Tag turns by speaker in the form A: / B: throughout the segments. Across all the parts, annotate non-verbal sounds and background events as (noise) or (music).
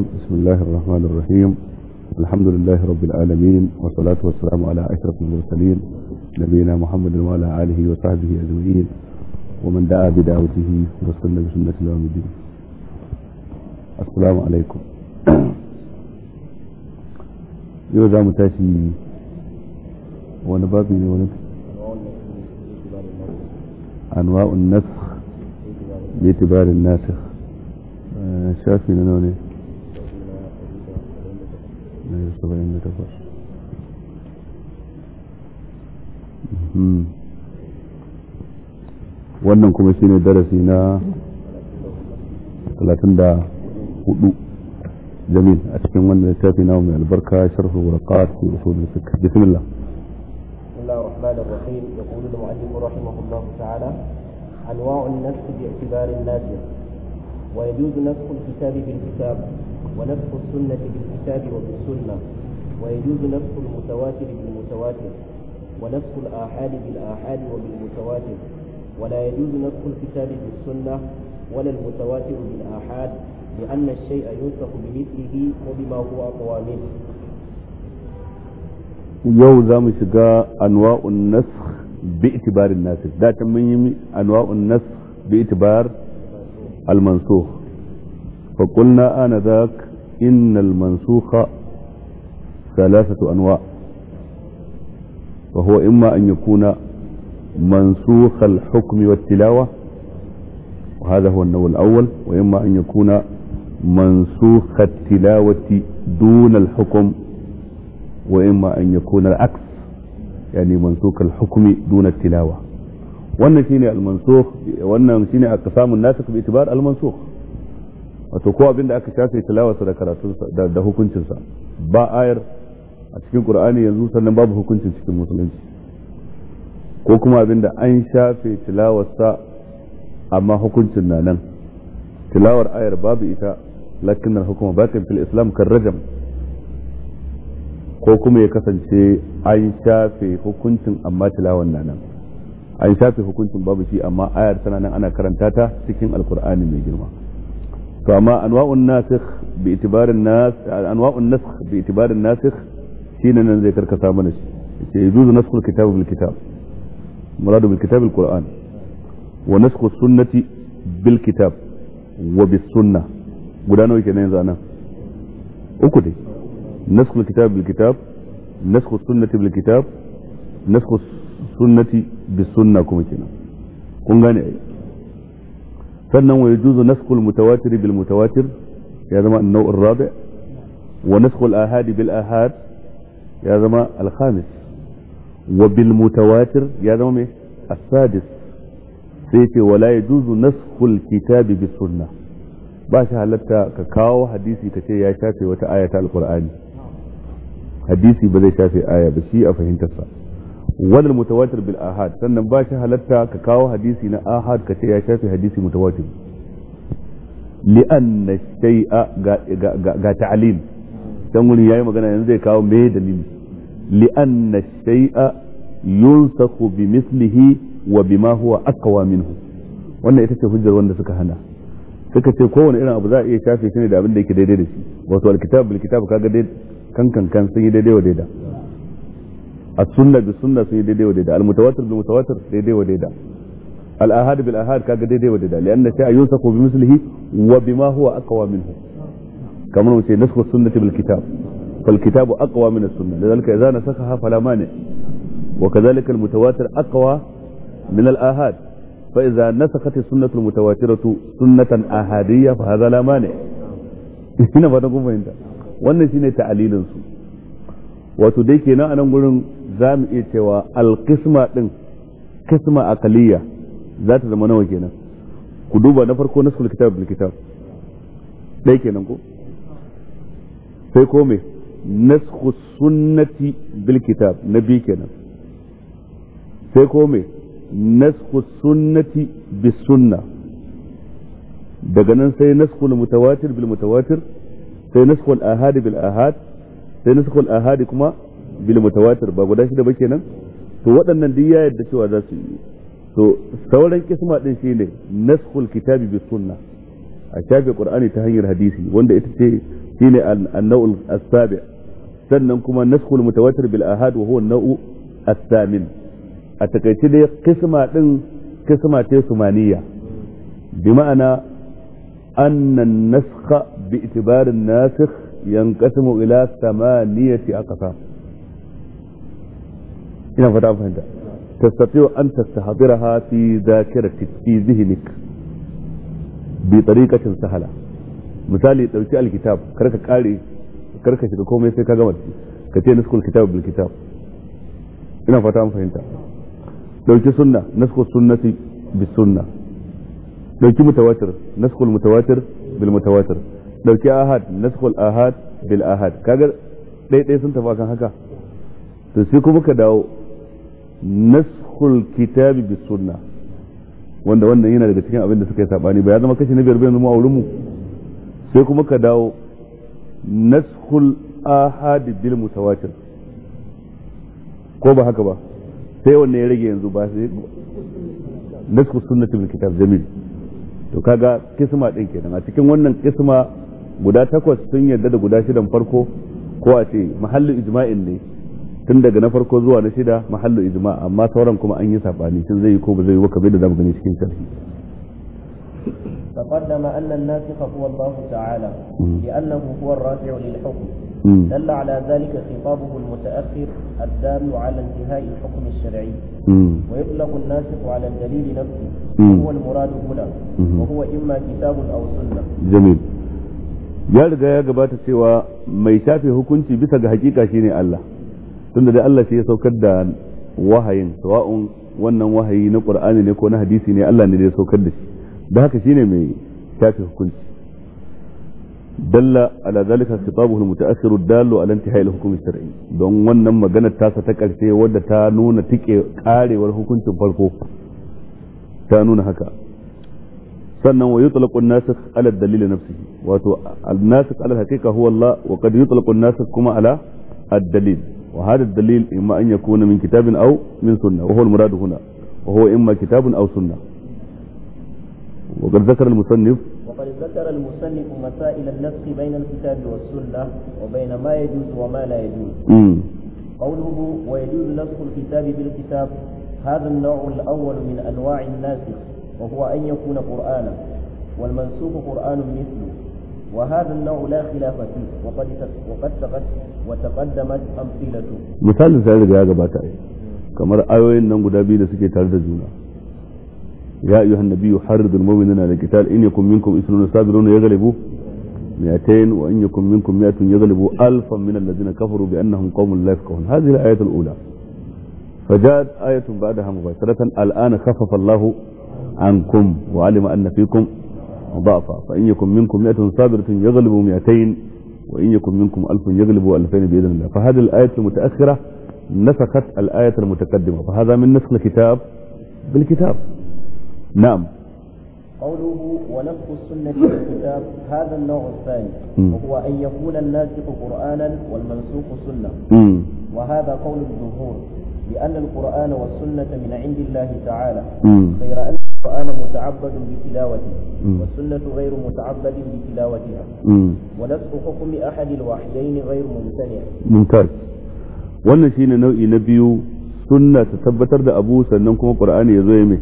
A: بسم الله الرحمن الرحيم الحمد لله رب العالمين والصلاة والسلام على أشرف المرسلين نبينا محمد وعلى آله وصحبه أجمعين ومن دعا بدعوته واستنى بسنة يوم الدين السلام عليكم yau متاشي ونبابي tashi أنواع النسخ ne الناسخ anwa'un آه، nasr 78 wannan kuma shine darasi na 34 jamil a cikin wannan littafi na mai albarka sharh warqat fi usul al-fiqh bismillah
B: الله الرحمن الرحيم يقول المؤلف رحمه الله تعالى أنواع النسخ باعتبار الناسخ ويجوز نسخ الكتاب بالكتاب ونسخ السنة بالكتاب وبالسنة ويجوز نسخ المتواتر بالمتواتر ونسخ الآحاد بالآحاد وبالمتواتر ولا يجوز نسخ الكتاب بالسنة ولا المتواتر بالآحاد لأن الشيء ينسخ بمثله وبما هو أقوى منه
A: يو za أنواع النسخ باعتبار الناسخ ذات من أنواع النسخ باعتبار المنسوخ المنسوخ فقلنا آنذاك إن المنسوخ ثلاثة أنواع وهو إما أن يكون منسوخ الحكم والتلاوة وهذا هو النوع الأول وإما أن يكون منسوخ التلاوة دون الحكم وإما أن يكون العكس يعني منسوخ الحكم دون التلاوة وأن المنسوخ وأن أقسام الناسخ باعتبار المنسوخ wato ko abin da aka shafe tilawarsa da karatunsa da, da hukuncinsa ba ayar a cikin qur'ani yanzu sannan babu hukuncin cikin musulunci ko kuma abin da an shafe tilawarsa amma hukuncin na nan tilawar ayar babu ita lakin hukuma batin fil islam kan rajam ko kuma ya kasance an shafe hukuncin amma tilawar na nan an shafe hukuncin babu shi amma ayar tana nan ana karanta ta cikin alkur'ani mai girma to amma anwa'un nasikh bi itibarin nas anwa'un nasikh nan zai karkasa mana shi yajuzu naskhul kitab bil kitab muradu bil wa naskhu sunnati bil wa bis guda nawa kenan yanzu anan naskhu kitab bil naskhu sunnati bil naskhu sunnati bis kuma kenan فانه يجوز نسخ المتواتر بالمتواتر هذا ما النوع الرابع ونسخ الاهاد بالاهاد هذا ما الخامس وبالمتواتر هذا ما السادس سيتي ولا يجوز نسخ الكتاب بالسنة باش هلتا كاو حديثي تتي يا شافي وتا ايه القرآن حديثي بدي شافي آية بشيء أفهم تسأل wal mutawatir bil ahad sannan ba shi halatta ka kawo hadisi na ahad ka ce ya shafi hadisi mutawatir li anna shay'a ga ga, ga ta'lil dan wuri yayi magana yanzu zai kawo me dalili li anna shay'a yunsakhu bi mislihi wa bima huwa aqwa minhu wannan ita ce hujjar wanda suka hana suka ce kowane irin abu za a iya shafe shi ne da abin da yake daidai da shi wato alkitab bil kitab kaga dai kankan kan kan sun yi daidai wa daidai as-sunna bi sunna sun yi daidai wa daidai al-mutawatir bil mutawatir daidai wa daidai al'ahad ahad bil ahad kaga daidai wa daidai lianna shay'a ko bi mislihi wa bi bima huwa aqwa minhu kamar mu ce nasku sunnati bil kitab fal kitabu aqwa min as-sunnah lidhalika idza nasakhaha fala mani wa kadhalika al-mutawatir aqwa min al-ahad فإذا نسخت السنة المتواترة سنة fa فهذا لا مانع هنا ba ta kuma fahimta wannan shine ta'alilin su wato dai kenan anan gurin za mu iya cewa alkisma ɗin kisma akaliya za ta zama nawa kenan ku duba na farko nasul kitab bil kitab dai kenan ko sai ko me nasku sunnati bil kitab na bi kenan sai ko me nasku sunnati bis sunna daga nan sai nasku mutawatir bil mutawatir sai nasku al bil ahad sai nasku al kuma bil mutawatir ba guda shida ba kenan to waɗannan duk ya yadda cewa za su yi to sauran kisma din shine naskhul kitabi bis sunna a shafe qur'ani ta hanyar hadisi wanda ita ce shine an-naw'ul as-sabi sannan kuma naskhul mutawatir bil ahad wa huwa an as-samin a takaice dai kisma din kisma ta sumaniya bi ma'ana anna an-naskha bi itibar an-nasikh yanqasimu ila thamaniyati aqsam ina fata an fahimta wa an tastahdiraha fi zakira fi zihinik bi tsarikacin sahala misali ɗauki alkitab karka ƙari kare shiga komai sai ka gama ka ce naskul alkitab bil kitab ina fata amfahinta fahimta dauki sunna naskul sunnati bi sunna ɗauki mutawatir naskul mutawatir bil mutawatir ɗauki ahad naskul ahad bil ahad kaga ɗaiɗai sun tafi kan haka to sai kuma ka dawo nashul kitabi bi sunna wanda wannan yana daga cikin abin da suka yi sabani ba ya zama kashi na biyar bayan zama a mu sai kuma ka dawo nashul ahadi bil mutawatir ko ba haka ba sai wanne ya rage yanzu ba sai nashul sunnati bil kitab jamil to kaga kisma din kenan a cikin wannan kisma guda takwas sun yarda da guda shidan farko ko a ce mahallin ijma'in ne tun daga na farko zuwa na shida mahallu ijma amma sauran kuma an yi sabani tun zai yi ko ba zai yi ba kabe da zamu gani cikin sharhi
B: تقدم أن الناسخ هو الله تعالى لأنه هو الراجع للحكم دل على ذلك خطابه المتأخر الدال على انتهاء الحكم الشرعي ويطلق الناسخ على الدليل نفسه وهو المراد هنا وهو إما كتاب أو سنة
A: جميل ya riga ya gabata cewa mai shafe hukunci bisa ga hakika shine Allah tunda dai Allah shi ya saukar da wahayin sawa'un wannan wahayi na qur'ani ne ko na hadisi ne Allah ne da ya saukar da shi da haka shine mai shafi hukunci dalla ala zalika khitabuhu almutaakhir dallu ala intihai alhukm alshar'i don wannan magana tasa ta karshe wadda ta nuna tike karewar hukuncin farko ta nuna haka sannan wa yutlaqu an-nasikh ala dalil nafsihi wato an-nasikh ala al-haqiqa huwa Allah wa qad yutlaqu an-nasikh kuma ala ad-dalil وهذا الدليل إما أن يكون من كتاب أو من سنة وهو المراد هنا وهو إما كتاب أو سنة وقد ذكر المصنف
B: وقد ذكر المصنف مسائل النسخ بين الكتاب والسنة وبين ما يجوز وما لا يجوز م. قوله ويجوز نسخ الكتاب بالكتاب هذا النوع الأول من أنواع الناسخ وهو أن يكون قرآنا والمنسوخ قرآن مثله وهذا النوع لا خلاف فيه وقد وقد تقدمت وتقدمت امثلته.
A: مثال ذلك يا جماعه كما ايوين نان غدا بي سكي يا ايها النبي حرض المؤمنين على القتال ان يكن منكم اثنون صابرون يغلبوا مئتين وان يكن منكم مئة يغلبوا الفا من الذين كفروا بانهم قوم لا يفقهون هذه الايه الاولى فجاءت آية بعدها مباشرة الآن خفف الله عنكم وعلم أن فيكم ضعفا فإن يكن منكم مئة صابرة يغلب مئتين وإن يكن منكم ألف يغلب ألفين بإذن الله فهذه الآية المتأخرة نسخت الآية المتقدمة فهذا من نسخ الكتاب بالكتاب نعم
B: قوله ونسخ السنة بالكتاب هذا النوع الثاني وهو أن يكون الناسخ قرآنا والمنسوخ سنة وهذا قول الجمهور لأن القرآن والسنة من عند الله تعالى خير غير أن فأنا متعبد بتلاوته والسنة غير متعبد بتلاوتها ونسخ حكم أحد الوحيين غير ممتنع
A: ممتاز wannan shine nau'i na biyu sunna ta tabbatar da abu sannan kuma qur'ani yazo ya me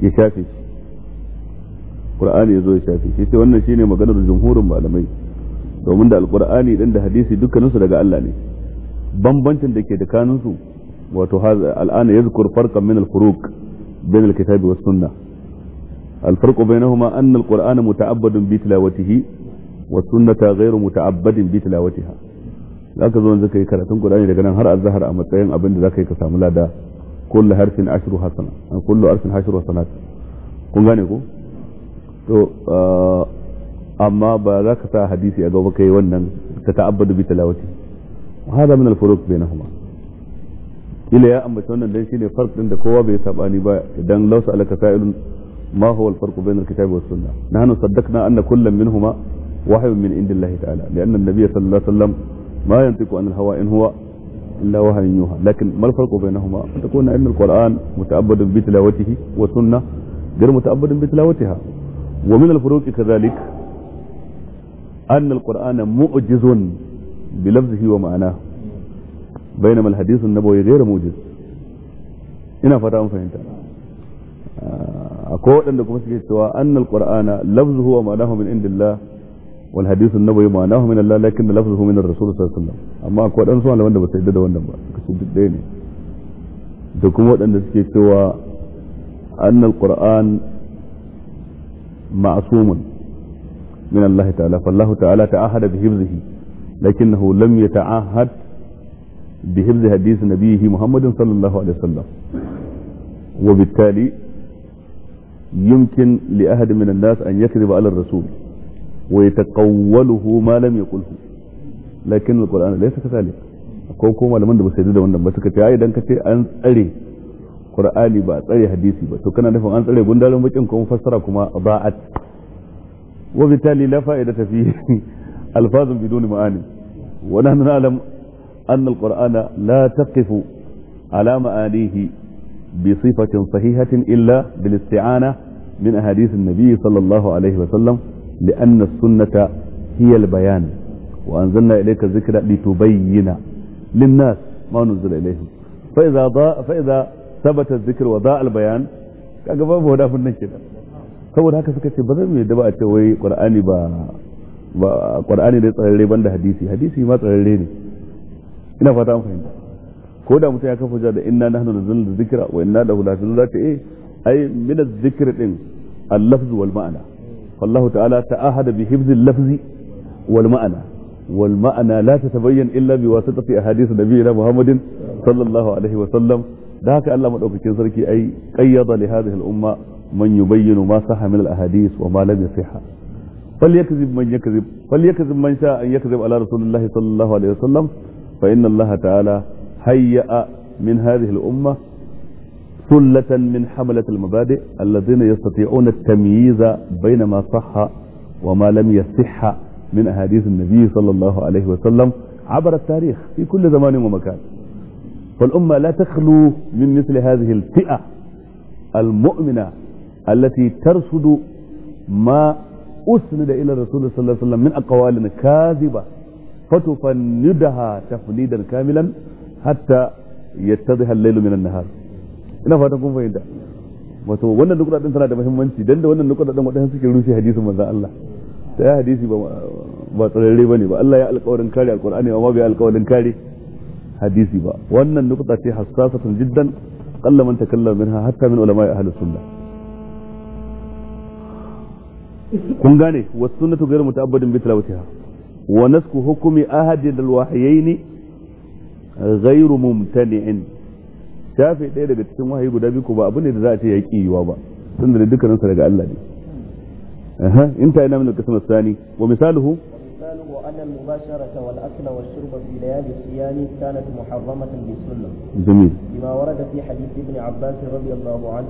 A: ya shafe shi qur'ani yazo ya shafe shi sai wannan shine maganar jumhurin malamai domin da alqur'ani din da hadisi dukkaninsu daga Allah ne bambancin da ke tsakaninsu wato al'ana yazkur farqan min al-furuq بين الكتاب والسنة الفرق بينهما أن القرآن متعبد بتلاوته والسنة غير متعبد بتلاوتها zaka zo yanzu kai karatun Qur'ani daga nan har azhar a matsayin abin da zaka yi ka samu lada kullu harfin ashru hasana an kullu harfin ashru hasanat kun gane ko to amma ba za ka sa hadisi a gaba kai wannan ta ta'abbadu bi min ila ya ambaci wannan dan shine farq din da kowa bai sabani ba idan law sa'alaka sa'ilun ma huwa al-farq bayna al-kitabi was sunnah nahnu saddaqna anna kullam minhuma wahyun min indillahi ta'ala li'anna an-nabiy sallallahu alaihi wasallam ma yantiqu an al-hawa in huwa illa yuha lakin al-farq إلا وهي يوحى لكن ما الفرق بينهما أن تكون علم القرآن متأبد بتلاوته وسنة غير متأبد بتلاوتها ومن الفروق كذلك mu'jizun bi lafzihi wa ma'nāhi بينما الحديث النبوي غير موجز آه، ان فتاه فهمت أقول دن دكم سكي تو ان القران لفظه هو ما من عند الله والحديث النبوي معناه من الله لكن لفظه من الرسول صلى الله عليه وسلم اما أقول دن سوال وند بس يدد وند ما كسي دد ني دكم ان القران معصوم من الله تعالى فالله تعالى تعهد بحفظه لكنه لم يتعهد بحفظ حديث نبيه محمد صلى الله عليه وسلم وبالتالي يمكن لأحد من الناس أن يكذب على الرسول ويتقوله ما لم يقله لكن القرآن ليس كذلك ko ko malaman da ba sai da wannan ba suka ce ai dan kace an tsare Qur'ani ba tsare hadisi ba to kana nufin an tsare gundarin bakin ko fassara kuma ba'at wa bitali la fa'idata fi alfazun biduni ma'ani wa nahnu na'lam أن القرآن لا تقف على مآليه بصفة صحيحة إلا بالاستعانة من أحاديث النبي صلى الله عليه وسلم لأن السنة هي البيان وأنزلنا إليك الذكر لتبين للناس ما نزل إليهم فإذا ضاء فإذا ثبت الذكر وضاء البيان kaga هو wadafin nan kenan saboda haka suka ce ba zan yadda ba a ce wai qur'ani ba ba qur'ani ne tsararre banda hadisi hadisi ma tsararre ne ina fata an fahimta ko da mutum ya kafa hujja da inna nahnu nazzalna dhikra wa inna lahu lahafizun zaka eh ai min adh-dhikr din al-lafz wal ma'ana fallahu ta'ala ta'ahada bi hifz al-lafz wal ma'na wal ma'na la tatabayyan illa bi wasitati ahadith nabiyina muhammadin sallallahu alaihi wa sallam da haka Allah madaukakin sarki ai qayyada li hadhihi al-umma man yubayyinu ma sahha min al-ahadith wa ma lam yasihha فليكذب من يكذب فليكذب من شاء ان يكذب على رسول الله صلى الله عليه وسلم فإن الله تعالى هيأ من هذه الأمة ثلة من حملة المبادئ الذين يستطيعون التمييز بين ما صح وما لم يصح من أحاديث النبي صلى الله عليه وسلم عبر التاريخ في كل زمان ومكان فالأمة لا تخلو من مثل هذه الفئة المؤمنة التي ترصد ما أسند إلى الرسول صلى الله عليه وسلم من أقوال كاذبة fatufannidaha tafnidan kamilan hatta yattadhiha al-laylu luminan na nahar ina fatan kun fahimta wato wannan nukuda din tana da muhimmanci dan da wannan nukuda din wadannan suke rushe hadisin manzon Allah ta hadisi ba ba ne bane ba Allah ya alƙawarin kare alƙur'ani amma bai alƙawarin kare hadisi ba wannan nukuda ce hassasatun jiddan qalla man takallama minha hatta min ulama'i ahli sunna kun gane was sunnatu ghayr muta'abbadin bi tilawatiha ونسك حكم أحد الوحيين غير ممتنع شافي ده ده تسمى هي بدأ بيكو بابني الرأتي هيك إيه وابا تندر دك نص رجع الله دي أها أنت أنا من القسم الثاني ومثاله ومثاله
B: أن المباشرة والأكل والشرب في ليالي الصيام كانت محرمة بالسنة جميل بما ورد في حديث ابن عباس رضي الله عنه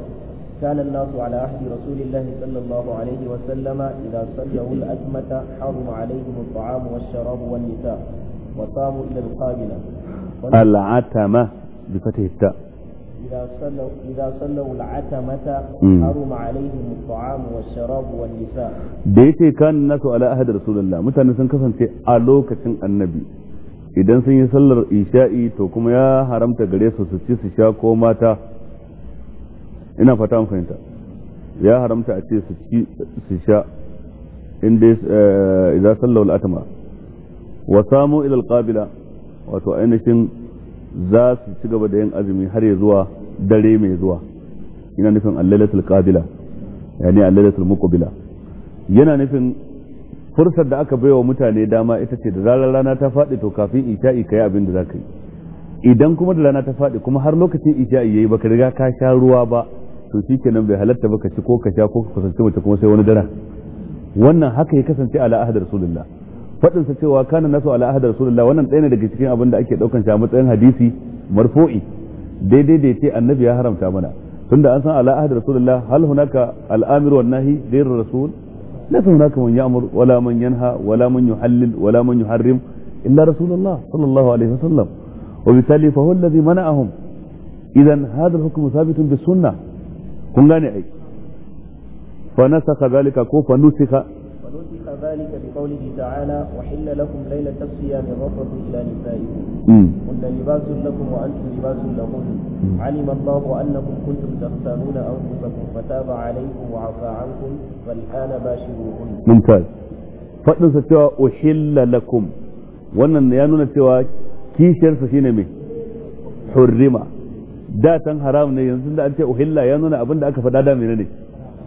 B: كان الناس على عهد رسول الله صلى الله عليه وسلم إذا صلوا الأزمة حرم عليهم الطعام والشراب والنساء وصاموا إلى القابلة
A: العتمة بفتح التاء
B: إذا صلوا إذا صلوا العتمة حرم عليهم الطعام والشراب والنساء
A: بيتي كان الناس على عهد رسول الله مثلا sun kasance a lokacin annabi idan sun yi sallar isha'i to kuma ya haramta gare su su ina fata mu fahimta ya haramta a ce su ci su sha inda eh, idza sallau atma wa samu ila kabila wato ainihin za su ci gaba da yin azumi har ya zuwa dare mai zuwa ina nufin allalatul qabila yani allalatul muqbila yana nufin fursar da aka baiwa mutane dama ita ce da zarar rana ta faɗi to kafin isha'i ka yi abin da za ka yi idan kuma da rana ta faɗi kuma har lokacin isha'i yayi baka riga ka sha ruwa ba to shikenan bai halatta ba ka ci ko ka sha ko ka kusanci mace kuma sai wani dara wannan haka ya kasance ala ahad rasulullah fadin sa cewa kana nasu ala ahad rasulullah wannan ɗaya ne daga cikin abin da ake daukan shi matsayin hadisi marfu'i daidai da yace annabi ya haramta mana tunda an san ala ahad rasulullah hal hunaka al-amir wan nahi dir rasul la laysa hunaka man ya'mur wala man yanha wala man yuhallil wala man yuharrim illa rasulullah sallallahu alaihi wasallam وبالتالي فهو الذي منعهم إذا هذا الحكم ثابت بالسنة kun gane ai فنسخ ذلك كو فنسخ
B: فنسخ ذلك بقوله تعالى وحل لكم ليلة الصيام الرفث إلى نسائكم قلنا لباس لكم وأنتم لباس لهن علم الله أنكم كنتم تختارون أنفسكم فتاب عليكم وعفى عنكم فالآن باشروهن
A: ممتاز فإن ستوى أحل لكم وانا ya nuna كي kishiyarsa shine mai da tan haram ne yanzu da an ce uhilla ya nuna abin da aka faɗa da ne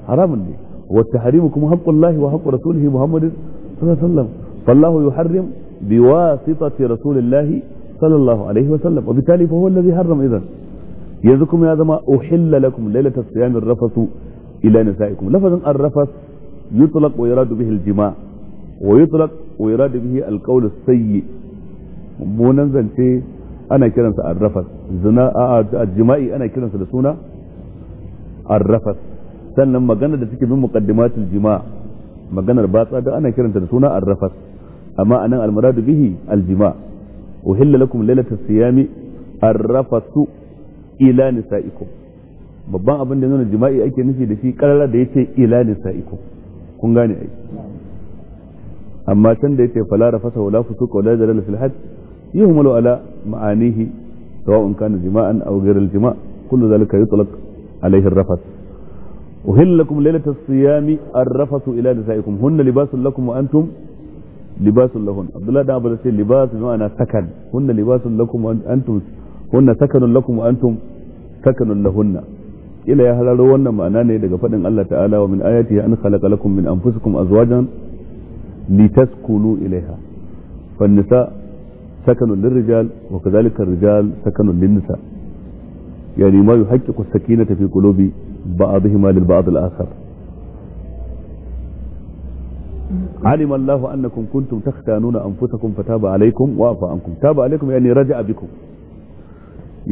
A: haramun ne wa tahrimu kuma haqqullahi wa haqqu rasulihi muhammadin sallallahu alaihi wasallam fallahu yuharrim biwasitati rasulillahi sallallahu alaihi wasallam wa bitali fa huwa alladhi harrama idan yanzu kuma ya zama uhilla lakum lailata ar rafasu ila nisaikum lafazan ar-rafas yutlaq wa yuradu bihi al-jima' wa yutlaq wa yuradu bihi al-qawl as-sayyi munan zance ana kiransa arrafas zina a jima'i ana kiransa da suna arrafas sannan maganar da suke bin muqaddimatul jima' maganar batsa da ana kiranta da suna arrafas amma anan almuradu bihi aljima uhilla lakum lailata siyami arrafasu ila nisaikum babban abin da nuna jima'i ake nufi da shi karara da yace ila nisaikum kun gane ai amma can da yace fala rafasa wala fusuka wala jalala fil hajj يهمل على معانيه سواء كان جماعا أو غير الجماع كل ذلك يطلق عليه الرفث وهل لكم ليلة الصيام الرفث إلى نسائكم هن لباس لكم وأنتم لباس لهن عبد الله دعب عباس لباس وأنا سكن هن لباس لكم وأنتم هن سكن لكم وأنتم سكن لهن إلى يا هلال wannan معناني ne daga faɗin Allah ta'ala wa min ayati an khalaqa lakum min anfusikum azwajan سكن للرجال وكذلك الرجال سكن للنساء يعني ما يحقق السكينة في قلوب بعضهما للبعض الآخر علم الله أنكم كنتم تختانون أنفسكم فتاب عليكم وعفى عنكم تاب عليكم يعني رجع بكم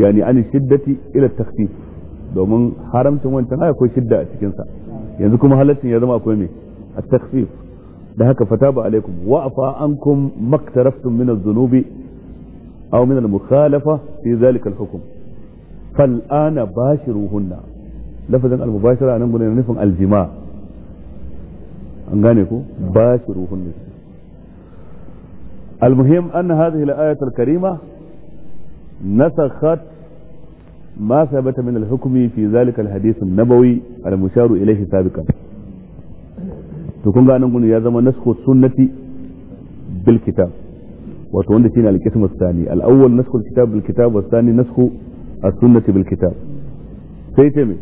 A: يعني عن الشدة إلى التخفيف domin haramcin wancan akwai shidda a cikinsa yanzu kuma halaccin ya zama akwai mai a takfif da haka fata ba alaikum wa afa ankum maktaraftum min az-zunubi أو من المخالفة في ذلك الحكم فالآن باشروهن لفظا المباشرة أنا نقول نفهم الجماع أنغانيكو باشروهن المهم أن هذه الآية الكريمة نسخت ما ثبت من الحكم في ذلك الحديث النبوي المشار إليه سابقا تكون أنا نقول يا زمان نسخ السنة بالكتاب wato فينا القسم الثاني الاول نسخ الكتاب بالكتاب والثاني نسخ السنة بالكتاب kitab تمي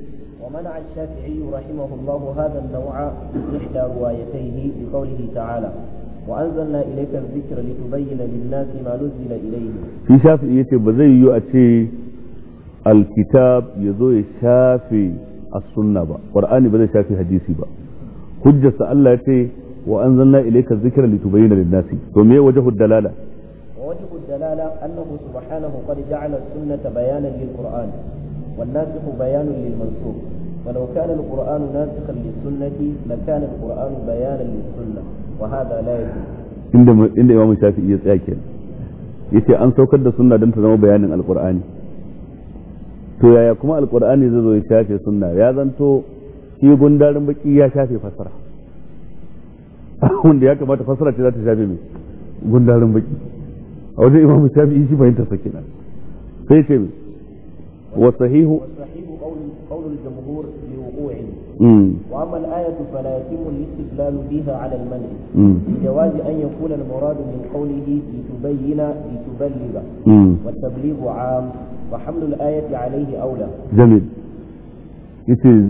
B: ومنع الشافعي رحمه الله هذا النوع إحدى روايتيه بقوله تعالى وأنزلنا إليك الذكر لتبين للناس ما نزل إليهم
A: في شافعي يتي بزي يؤتي الكتاب يزوي شافي السنة با قرآن بزي شافي حديثي با حجة الله يتي وأنزلنا إليك الذكر لتبين للناس ومي وجه الدلالة
B: الدلالة أنه سبحانه قد جعل السنة بيانا للقرآن والناسخ بيان للمنسوخ ولو كان القرآن ناسخا للسنة لكان القرآن بيانا للسنة وهذا لا يجوز
A: عند عند إمام الشافعي يا yace an saukar da sunna don ta zama bayanin alkur'ani to yaya kuma alkur'ani zai zo ya shafe sunna ya zanto shi gundarin baki ya shafe fasara wanda ya kamata fasara ce za ta shafe mai gundarin baki او ده امام الشافعي يجي فانت سكنا في تم
B: وصحيح وصحيح قول قول الجمهور لوقوع واما الآية فلا يتم الاستدلال بها على المنع بجواز ان يكون المراد من قوله لتبين لتبلغ والتبليغ عام وحمل الآية عليه اولى
A: جميل يتي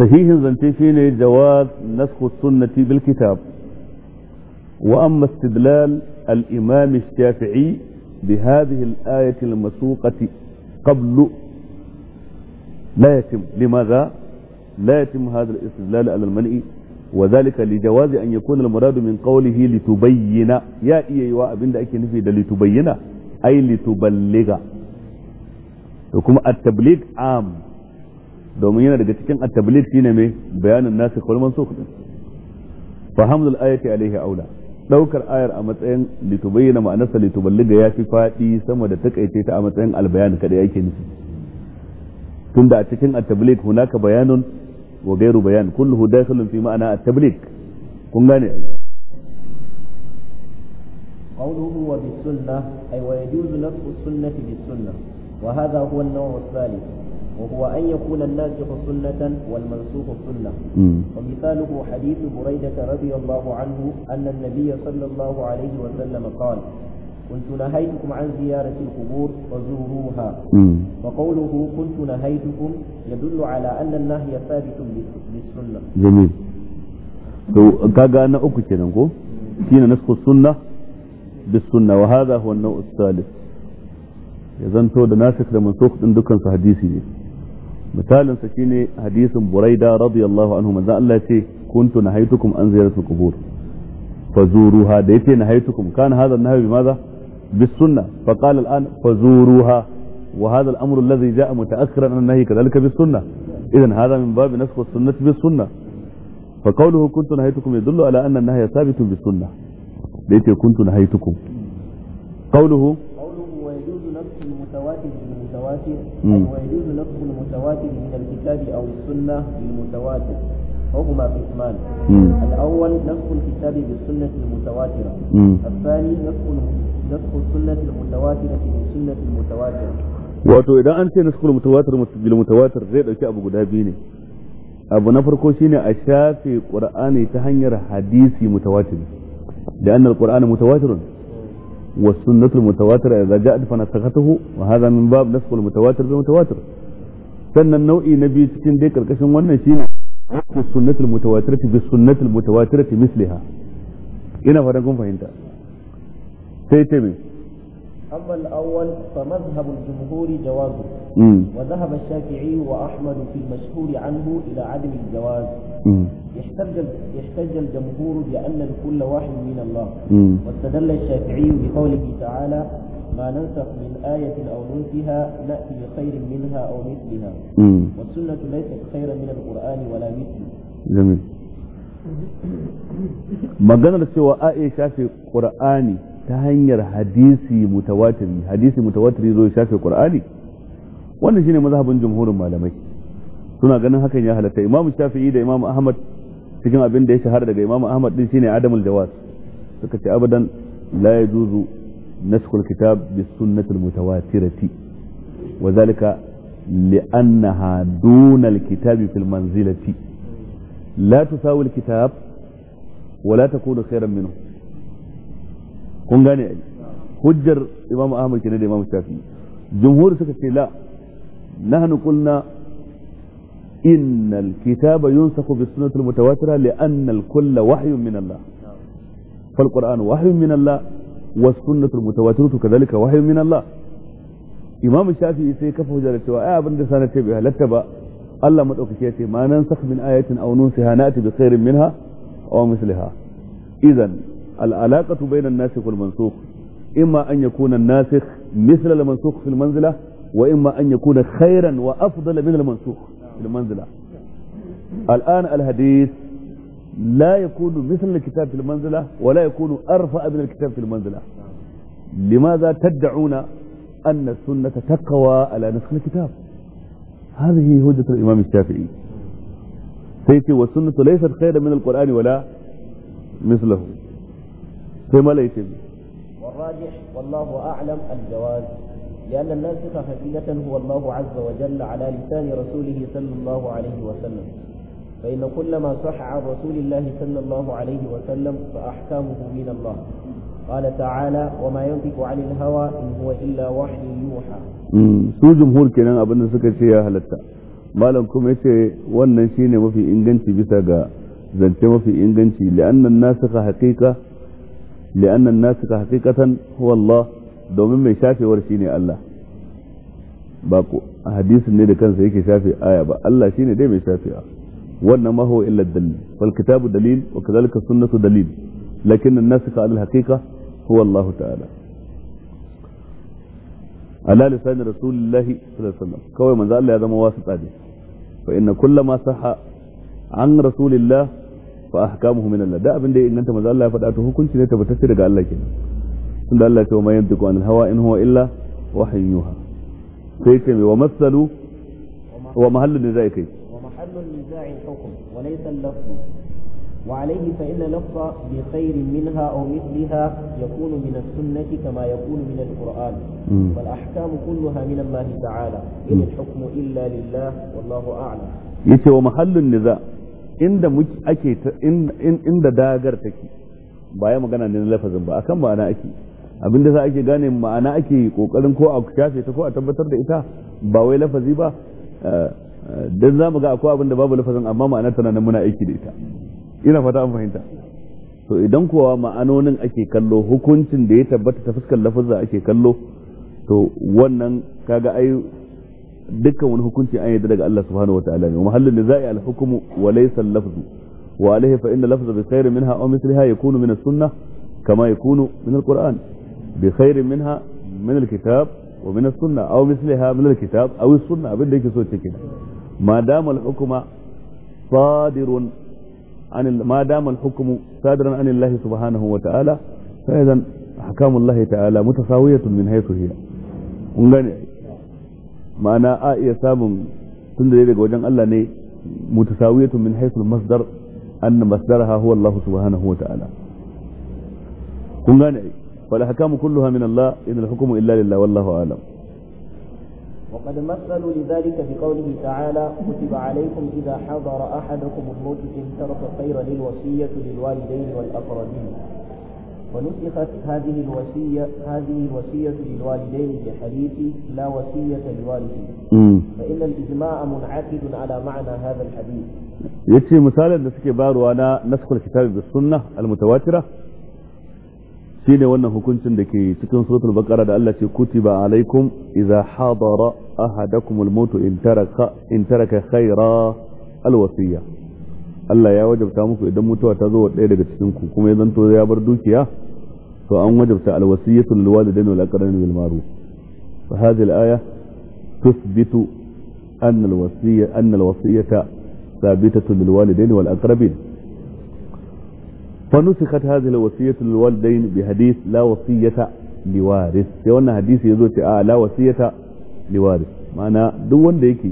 A: صحيح زنتي فينا جواز نسخ السنة بالكتاب واما استدلال الإمام الشافعي بهذه الآية المسوقة قبل لا يتم لماذا لا يتم هذا الاستدلال على المنع وذلك لجواز أن يكون المراد من قوله لتبين يا إيه يواء إيه، بند أكي نفي دا لتبين أي لتبلغ وكما التبليغ عام domin yana daga cikin at-tabliq shine mai bayanin nasikh wal mansukh din daukar ayar a matsayin na ma'anarsa lituballiga ya fi faɗi sama da takaice ta a matsayin albayan kada yake nufi tunda a cikin at-tabliq hunaka bayanun wa ghairu bayan kulluhu dakhilun fi ma'ana at-tabliq kun gane
B: قوله وبالسنة أي ويجوز نطق السنة بالسنة وهذا هو النوع الثالث وهو أن يكون الناسخ سنة والمنسوخ سنة ومثاله حديث بريدة رضي الله عنه أن النبي صلى الله عليه وسلم قال كنت نهيتكم عن زيارة القبور فزوروها وقوله كنت نهيتكم يدل على أن النهي ثابت بالسنة جميل
A: to kaga انا uku kenan ko كينا nasku السنه بالسنه وهذا هو النوع الثالث اذا تو ده ناسخ da nasikh da mansukh misalin sa shine hadisin buraida radiyallahu anhu manzo Allah ce kuntu nahaytukum an ziyaratul qubur fazuruha da yace nahaytukum kana hadha an-nahyu bimaza بالسنة فقال الآن فزوروها وهذا الأمر الذي جاء متأخرا عن النهي كذلك بالسنة إذا هذا من باب نسخ السنة بالسنة فقوله كنت نهيتكم يدل على أن النهي ثابت بالسنة ليت كنت نهيتكم قوله
B: المتواتر ويجوز لفظ المتواتر من الكتاب أو السنة للمتواتر وهما قسمان الأول نسخ الكتاب بالسنة المتواترة الثاني نسخ نسخ السنة المتواترة بالسنة المتواترة
A: wato idan an ce naskul mutawatir bil mutawatir zai dauki abu guda biyu ne abu na farko shine a shafe qur'ani ta hanyar hadisi mutawatir da annal qur'ani mutawatirun والسنة المتواترة إذا جاءت فنسخته وهذا من باب نسخ المتواتر بالمتواتر سنة النوع نبي تكين ديك الكشم وانا شينا السنة المتواترة بالسنة المتواترة مثلها إنا فرنكم فهمت سيتمي
B: أما الأول فمذهب الجمهور جوازه وذهب الشافعي وأحمد في المشهور عنه إلى عدم الجواز يحتج الجمهور بأن الكل واحد من الله واستدل الشافعي بقوله تعالى ما ننسخ من آية أو ننسها نأتي بخير منها أو مثلها والسنة ليست خيرا من القرآن ولا مثله جميل
A: ما maganar cewa آية شافي قرآني ta hanyar hadisi mutawatiri hadisi mutawatiri zo shafe qur'ani wannan shine mazhabin jumhurin malamai suna ganin hakan ya halatta imamu shafi'i da imamu ahmad cikin abin da ya shahara daga imamu ahmad din shine adamul jawaz suka ce abadan la yajuzu naskhul kitab bis sunnati mutawatirati wa zalika li'annaha duna al kitabi fil manzilati la tusawi al kitab wa la takunu khayran minhu kun gane ai hujjar imam ahmad kenan da imam shafi jumhur suka ce la nahnu qulna إن الكتاب ينسخ بالسنة المتواترة لأن الكل وحي من الله فالقرآن وحي من الله والسنة المتواترة كذلك وحي من الله إمام الشافعي sai kafa hujjar cewa ai abin da sanar ce bai halatta ba Allah madaukaki ya ce ma nan sakh min ayatin aw nunsiha na'ti bi khairin minha aw misliha idan العلاقة بين الناسخ والمنسوخ إما أن يكون الناسخ مثل المنسوخ في المنزلة وإما أن يكون خيرا وأفضل من المنسوخ في المنزلة الآن الحديث لا يكون مثل الكتاب في المنزلة ولا يكون أرفع من الكتاب في المنزلة لماذا تدعون أن السنة تقوى على نسخ الكتاب هذه هجة الإمام الشافعي سيتي والسنة ليست خيرا من القرآن ولا مثله sai malai ce
B: والراجح والله أعلم الجواز لأن الناسخ حقيقة هو الله عز وجل على لسان رسوله صلى الله عليه وسلم فإن كل ما صح عن رسول الله صلى الله عليه وسلم فأحكامه من الله قال تعالى وما ينطق عن الهوى إن هو إلا وحي يوحى
A: su jumhur kenan abin da suka ce ya halatta malam kuma yace wannan shine mafi inganci bisa ga zance mafi inganci li'anna an-nasikha لأن الناس حقيقة هو الله دوم من شافي ورشيني الله باكو حديث اللي كان سيكي شافي آية با الله شيني دي من شافي آه. وإنما هو إلا الدليل فالكتاب دليل وكذلك السنة دليل لكن الناس على الحقيقة هو الله تعالى على لسان رسول الله صلى الله عليه وسلم كوي من ذا الله هذا مواسط فإن كل ما صح عن رسول الله fa ahkamuhu min Allah da abin da ya inganta manzo Allah ya faɗa to hukunci ne tabbatacce daga Allah kenan tun da Allah ya ce ma yantiqu anil hawa in huwa illa wahyin yuha sai ce wa masalu wa mahallu nizai kai
B: wa mahallu nizai hukm wa laysa al-lafz وعليه فإن لفظ بخير منها أو مثلها يكون من السنة كما يكون من القرآن م. والأحكام كلها من الله تعالى إن الحكم إلا لله والله أعلم
A: يتي ومحل النزاع inda muke ake inda dagar take ba ya magana ne na lafazin ba akan ma'ana ake abin da za ake gane ma'ana ake kokarin ko a shafe ta ko a tabbatar da ita ba wai lafazi ba eh, eh, dan za mu ga akwai da babu lafazin amma ma'ana tana nan muna aiki da ita ina fata an fahimta to idan kuwa ma'anonin ake kallo hukuncin da ya tabbata ta fuskar lafazin ake kallo to wannan kaga ai dukkan wani hukunci an yadda daga Allah subhanahu wataala ne wa mahallin nizai al hukmu wa laysa al lafzu wa alayhi fa inna lafza bi khair minha aw mithliha yakunu min as sunnah kama yakunu min al qur'an bi khair minha min al kitab wa min as sunnah aw mithliha min al kitab aw as sunnah abin da yake so take ma dama al hukma sadirun an ma dama al hukmu sadiran an Allah subhanahu wataala fa idan ahkamu Allah ta'ala mutasawiyatun min haythu hiya kun gane ma'ana a iya samun tun da daga wajen Allah ne mutasawiyatun min haythu masdar an masdaraha huwa Allah subhanahu wa ta'ala kun gane ai wal ahkamu kulluha min Allah in al hukmu illa lillah wallahu a'lam
B: وقد مثلوا لذلك بقوله تعالى كتب عليكم إذا حضر أحدكم الموت إن ترك خيرا للوصية للوالدين والأقربين ونسخت هذه الوصية هذه الوصية للوالدين بحديث لا وصية لوالده فإن الإجماع منعقد على معنى هذا الحديث
A: يتي مثالا لسكي بارو أنا نسخ الكتاب بالسنة المتواترة shine wannan hukuncin da ke cikin suratul baqara da Allah ce kutiba alaikum idza hadara ahadakum al-maut in taraka in Allah ya wajabta muku idan mutuwa ta zo wa ɗaya daga cikin ku kuma ya zanto ya bar dukiya to an wajabta alwasiyatu lil walidaini wal aqrani bil ma'ruf fa hadhihi al-aya tuthbitu anna al-wasiyya anna al-wasiyata thabitatu lil walidaini wal aqrabin lil هذه bi hadith la wasiyata li waris sai wannan hadisi ya zo ce a la wasiyata waris ma'ana duk wanda yake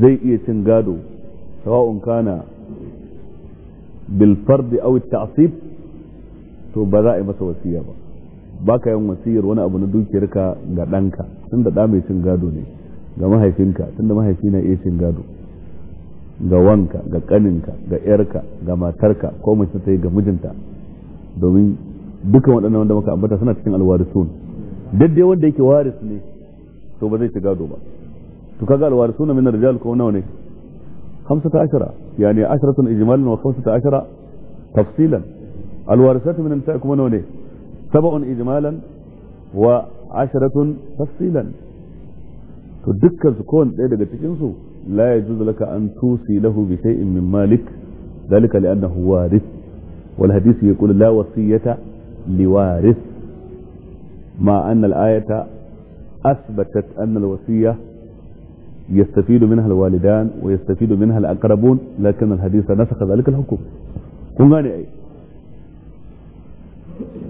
A: zai iya cin gado سواء كان بالفرد أو التعصيب to ba za a yi masa wasiya ba ba ka yin wasiyar wani abu na dukiyarka ga ɗanka tun da ɗa mai cin gado ne ga mahaifinka tun da mahaifi na iya cin gado ga wanka ga ƙaninka ga ƴarka ga matarka ko mace ta yi ga mijinta domin dukkan waɗannan wanda muka ambata suna cikin alwarisun duk dai wanda yake waris ne to ba zai ci gado ba to kaga alwarisun min rijal ko nawa ne خمسة عشر يعني عشرة إجمالا وخمسة عشر تفصيلا الوارثات من أنفسكم من وليه سبع إجمالا وعشرة تفصيلا تذكر سكون ذلك تجنسه لا يجوز لك أن توصي له بشيء من مالك ذلك لأنه وارث والحديث يقول لا وصية لوارث مع أن الآية أثبتت أن الوصية يستفيد منها الوالدان ويستفيد منها الأقربون لكن الحديث نسخ ذلك الحكم كن غاني أي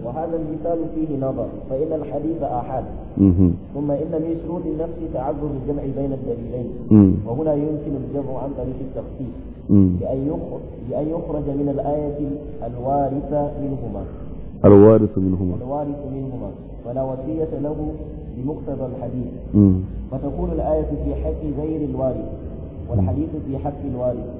B: وهذا المثال فيه نظر فإن الحديث آحاد ثم إن من شروط النفس تعذر الجمع بين الدليلين وهنا يمكن الجمع عن طريق التخصيص بأن يخرج من الآية الوارثة منهما
A: الوارث منهما
B: الوارث منهما فلا وصية له بمقتضى الحديث فتكون الآية في حق غير الوارد والحديث في حق الوارث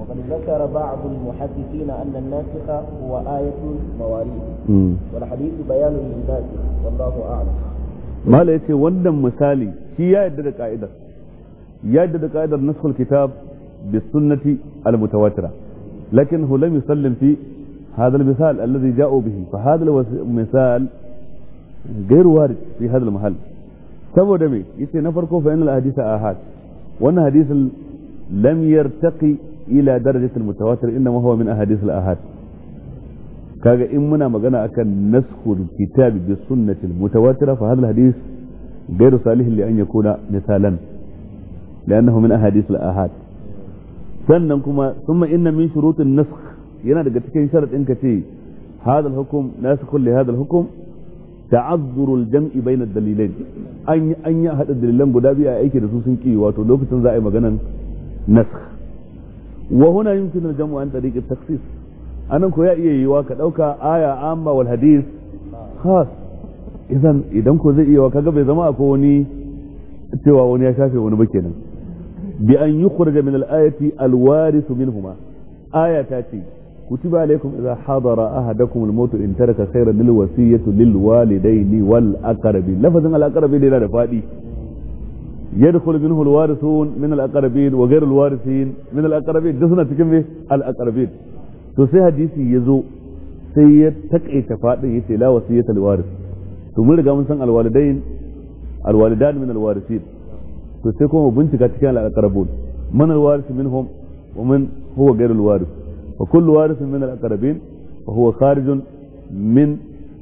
B: وقد ذكر بعض المحدثين أن الناسخ هو آية المواريث والحديث بيان للناسخ والله أعلم
A: ما ليس wannan مثالي هي ya yadda da ka'idar نسخ الكتاب بالسنة المتواترة لكن هو لم يسلم في هذا المثال الذي جاءوا به فهذا المثال غير وارد في هذا المحل saboda me yace na farko fa innal hadisa ahad wannan hadisin lam yartaqi ila darajati almutawatir inma huwa min ahadith alahad kaga in muna magana akan naskhul kitab bi sunnati fa غير صالح لأن يكون مثالا لأنه من أحاديث الآحاد sannan kuma ثم إن من شروط النسخ yana daga cikin sharaɗin ka ce hadal hukum nasu kulli hadal hukum تعذر الجمع بين الدليلين أن أن يهد الدليلين قد أبي أيك رسوسين كي واتو زائم مغنا نسخ وهنا يمكن الجمع عن طريق التخصيص أنا كويا إيه يواك أوكا آية عامة والحديث خاص إيه إذا إذا كو زي يواك قبل زما أكوني سوى وني أشافي ونبكينا بأن يخرج من الآية الوارث منهما آية تاتي كتب عليكم إذا حضر أحدكم الموت إن ترك خيرا للوصية للوالدين والأقربين لفظ الأقربين لا فادي يدخل منه الوارثون من الأقربين وغير الوارثين من الأقربين جسنا تكمل الأقربين تسي حديثي يزو سي تكئي تفادي يتي لا وصية الوارث ثم رجع من سن الوالدين الوالدان من الوارثين تسي كما بنتك تكمل الأقربون من الوارث منهم ومن هو غير الوارث وكل وارث من الأقربين وهو خارج من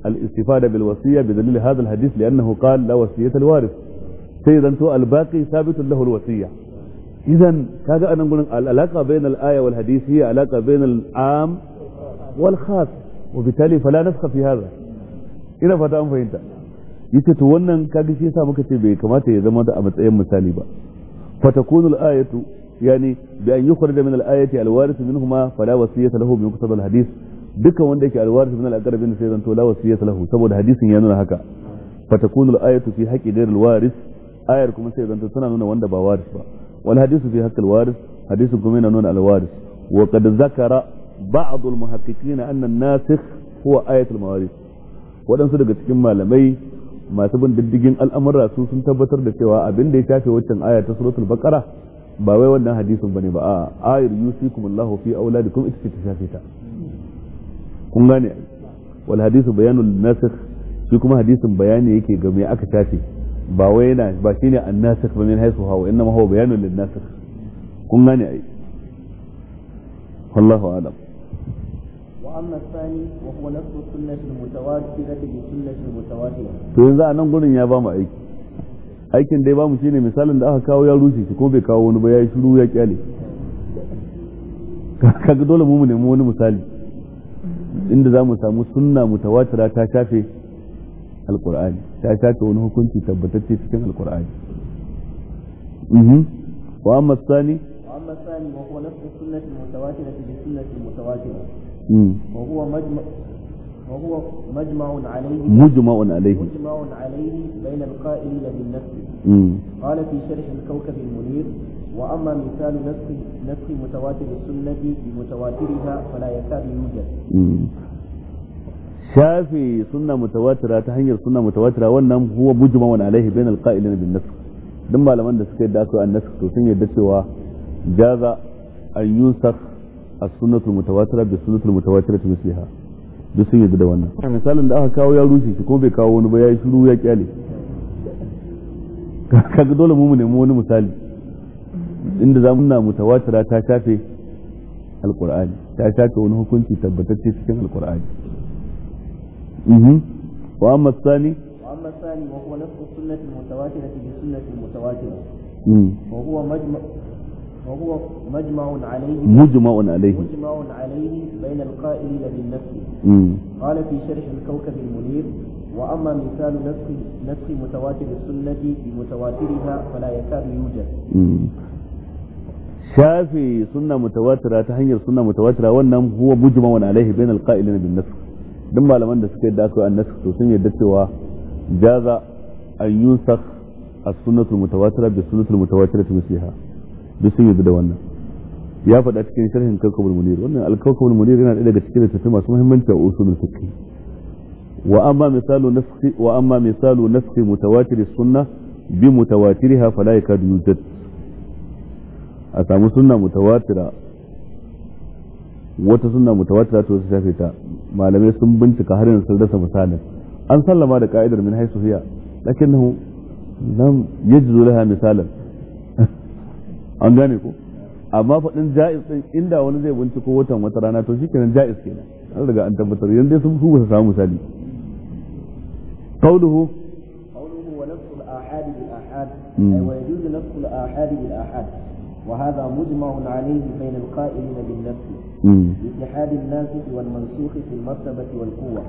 A: الاستفادة بالوصية بدليل هذا الحديث لأنه قال لا وصية الوارث سيدا الباقي ثابت له الوصية إذا كذا أنا نقول العلاقة بين الآية والحديث هي علاقة بين العام والخاص وبالتالي فلا نفخ في هذا إذا fata an fahimta yace to wannan kaga shi yasa muka ce bai kamata ya zama da matsayin misali ba ayatu يعني بأن يخرج من الآية الوارث منهما فلا وصية له بمقتضى الحديث دك وندك الوارث من الأقربين سيدا لا وصية له سبب الحديث يعني هكا فتكون الآية في حق غير الوارث آية كما سيدا تنانون وند بوارث با والحديث في حق الوارث حديث كمين نون الوارث وقد ذكر بعض المحققين أن الناسخ هو آية الموارث ودن صدق تكيم ما لمي ما تبن ددقين الأمر رسول سنتبتر دكوا أبن ديشاك وچن آية سورة البقرة ba wai wannan hadisin bane ba a ayar yusikum Allahu fi auladikum ita ce ta shafe ta kun gane wal hadisu bayanul nasikh shi kuma hadisin bayani yake ga me aka tace ba wai yana ba shine annasikh ba min haisu hawa ma huwa bayanul lin nasikh kun gane ai wallahu a'lam
B: واما الثاني وهو نفس السنه المتواتره To yanzu
A: فاذا انا نقول يا بابا aiki. aikin dai ba bamu shine misalin da aka kawo ya rushe shi ko bai kawo wani ba ya yi shiru ya kyale (laughs) kaga dole mu mu nemi wani misali inda za mu samu sunna mutawatira ta shafe alkur'ani ta shafe wani hukunci tabbatacce cikin alkur'ani mhm. wa amma sani
B: وأما الثاني وهو نفس السنة المتواترة بالسنة wa وهو مجمع وهو مجمع عليه مجمع عليه مجمع عليه بين القائل الذي قال في شرح الكوكب المنير واما مثال نفس نفس متواتر السنه بمتواترها فلا يكاد يوجد
A: شافي سنة متواترة تهنجر سنة متواترة وانم هو مجمع عليه بين القائلين بالنفس لما على من نسكت داكو عن نفسك تسمي دسوا جاذا أن ينسخ السنة المتواترة بالسنة المتواترة مثلها duk sun yadda da wannan misalin da aka kawo ya rushe shi ko bai kawo wani ba ya yi shiru ya kyale (laughs) kaga dole mu nemi wani misali inda za mu na mutawatira ta shafe alkur'ani ta shafe wani hukunci tabbatacce cikin alkur'ani mhm. wa amma sani
B: واما الثاني وهو نفس السنه المتواتره بالسنه المتواتره وهو مجمع وهو مجمع عليه مجمع عليه مجمع عليه بين القائلين للنفس قال في شرح الكوكب المنير واما مثال نفس نفس متواتر السنه بمتواترها فلا يكاد يوجد
A: شافي سنة متواترة تهنجر سنة متواترة وانم هو مجمع عليه بين القائلين بالنسخ لما لم من دسكي داكو النسخ تسمى دسوا جاز أن ينسخ السنة المتواترة بالسنة المتواترة مثلها duk sun da wannan ya faɗa cikin sharhin kawkabul munir wannan alkawkabul munir yana ɗaya daga cikin littattafai masu muhimmanci a usulul fiqh wa amma misalu nafsi wa amma misalu nafsi mutawatir sunna bi mutawatirha fala yakadu yujad a samu sunna mutawatira wata sunna mutawatira to su shafe ta malamai sun bincika har yanzu sun rasa misalin an sallama da ka'idar min haisu hiya lakinnahu lam yajzu laha misalan an gane ko amma faɗin ja'iz ɗin inda wani zai binciko watan wata rana to shi kenan ja'iz kenan an riga an tabbatar yanzu sun su ba su samu misali قوله
B: قوله ونفس الآحاد بالآحاد أي ويجوز نفس الآحاد بالآحاد وهذا مجمع عليه بين القائلين بالنفس لاتحاد الناسخ والمنسوخ في المرتبة والقوة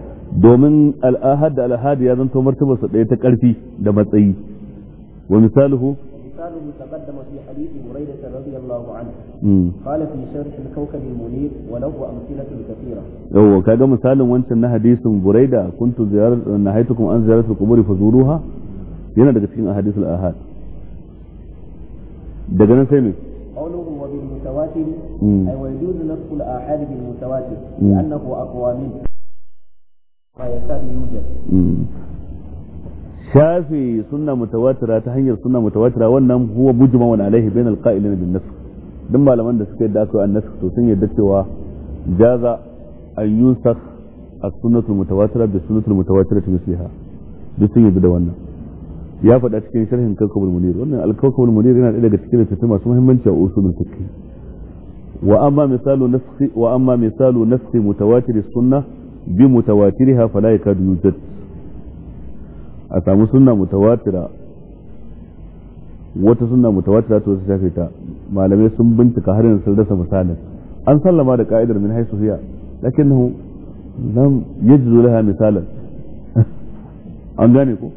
A: دومن الآحاد الآحاد يا ذنتو مرتبة سدية تكالفي دمتي ومثاله
B: مثاله تقدم في حديث هريرة رضي الله عنه مم. قال في شرح الكوكب المنير وله أمثلة كثيرة
A: أو كاجا مثال وانت من حديث بريدة كنت زيارة نهايتكم أن زيارة القبور فزوروها هنا ده في أحاديث الآهات ده جنان nan
B: قوله وبالمتواتر أي ويجوز نصف الآحاد بالمتواتر لأنه أقوى منه ما يكاد يوجد
A: shafe sunna mutawatira ta hanyar sunna mutawatira wannan huwa mujmawan alaihi bain alqa'ilin bin nas duk malaman da suka yadda aka an nas to sun yadda cewa jaza an yusakh as-sunnatu mutawatira bi sunnati mutawatira misliha duk sun yadda da wannan ya faɗa cikin sharhin kawkabul munir wannan alkawkabul munir yana ɗaya daga cikin littattafai masu muhimmanci a usulul fiqh wa amma misalu nasxi wa amma misalu nasxi mutawatir as-sunnah bi mutawatiriha fala yakadu yujad a samu sunna mutawatira wata sunna mutawatira to ta shafe ta malamai sun bincika har yanzu sun rasa misalin an sallama da ka'idar min haisu hiya lakinnahu lam yajzu laha misalan (laughs) an gane ko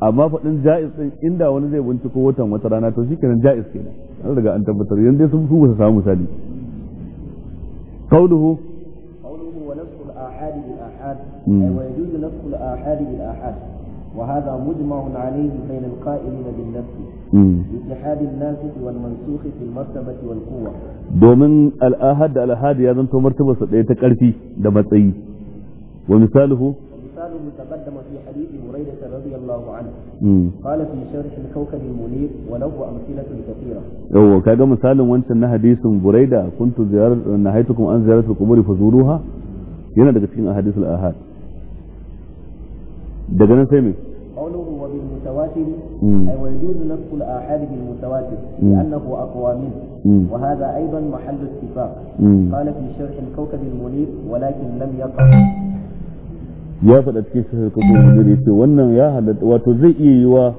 A: amma faɗin ja'iz din inda wani zai binciko watan wata rana to shikenan ja'iz kenan an riga an tabbatar yanzu sun fi ba samu misali قوله
B: قوله ونسخ الآحاد بالآحاد أي ويجوز نسخ الآحاد بالآحاد وهذا مجمع عليه بين القائلين بالنفس لاتحاد الناسخ والمنسوخ في المرتبة والقوة
A: دومن الآهد الآهد يظن مرتبة يتكرفي دمتي ومثاله
B: ومثاله تقدم في حديث هريرة رضي الله عنه مم. قال في شرح الكوكب المنير وله أمثلة كثيرة
A: هو كذا مثال وانت أن حديث بريدة كنت زيارة نهايتكم عن زيارة القبور فزوروها هنا daga أحاديث ahadithul daga nan sai me
B: قوله وبالمتواتر أي ويجوز نسخ الآحاد بالمتواتر لأنه أقوى منه وهذا أيضا محل اتفاق قال في شرح الكوكب المنير ولكن لم يقع
A: ya faɗa cikin shahar kuma wani ya ce wannan ya halatta wato zai iya yi wa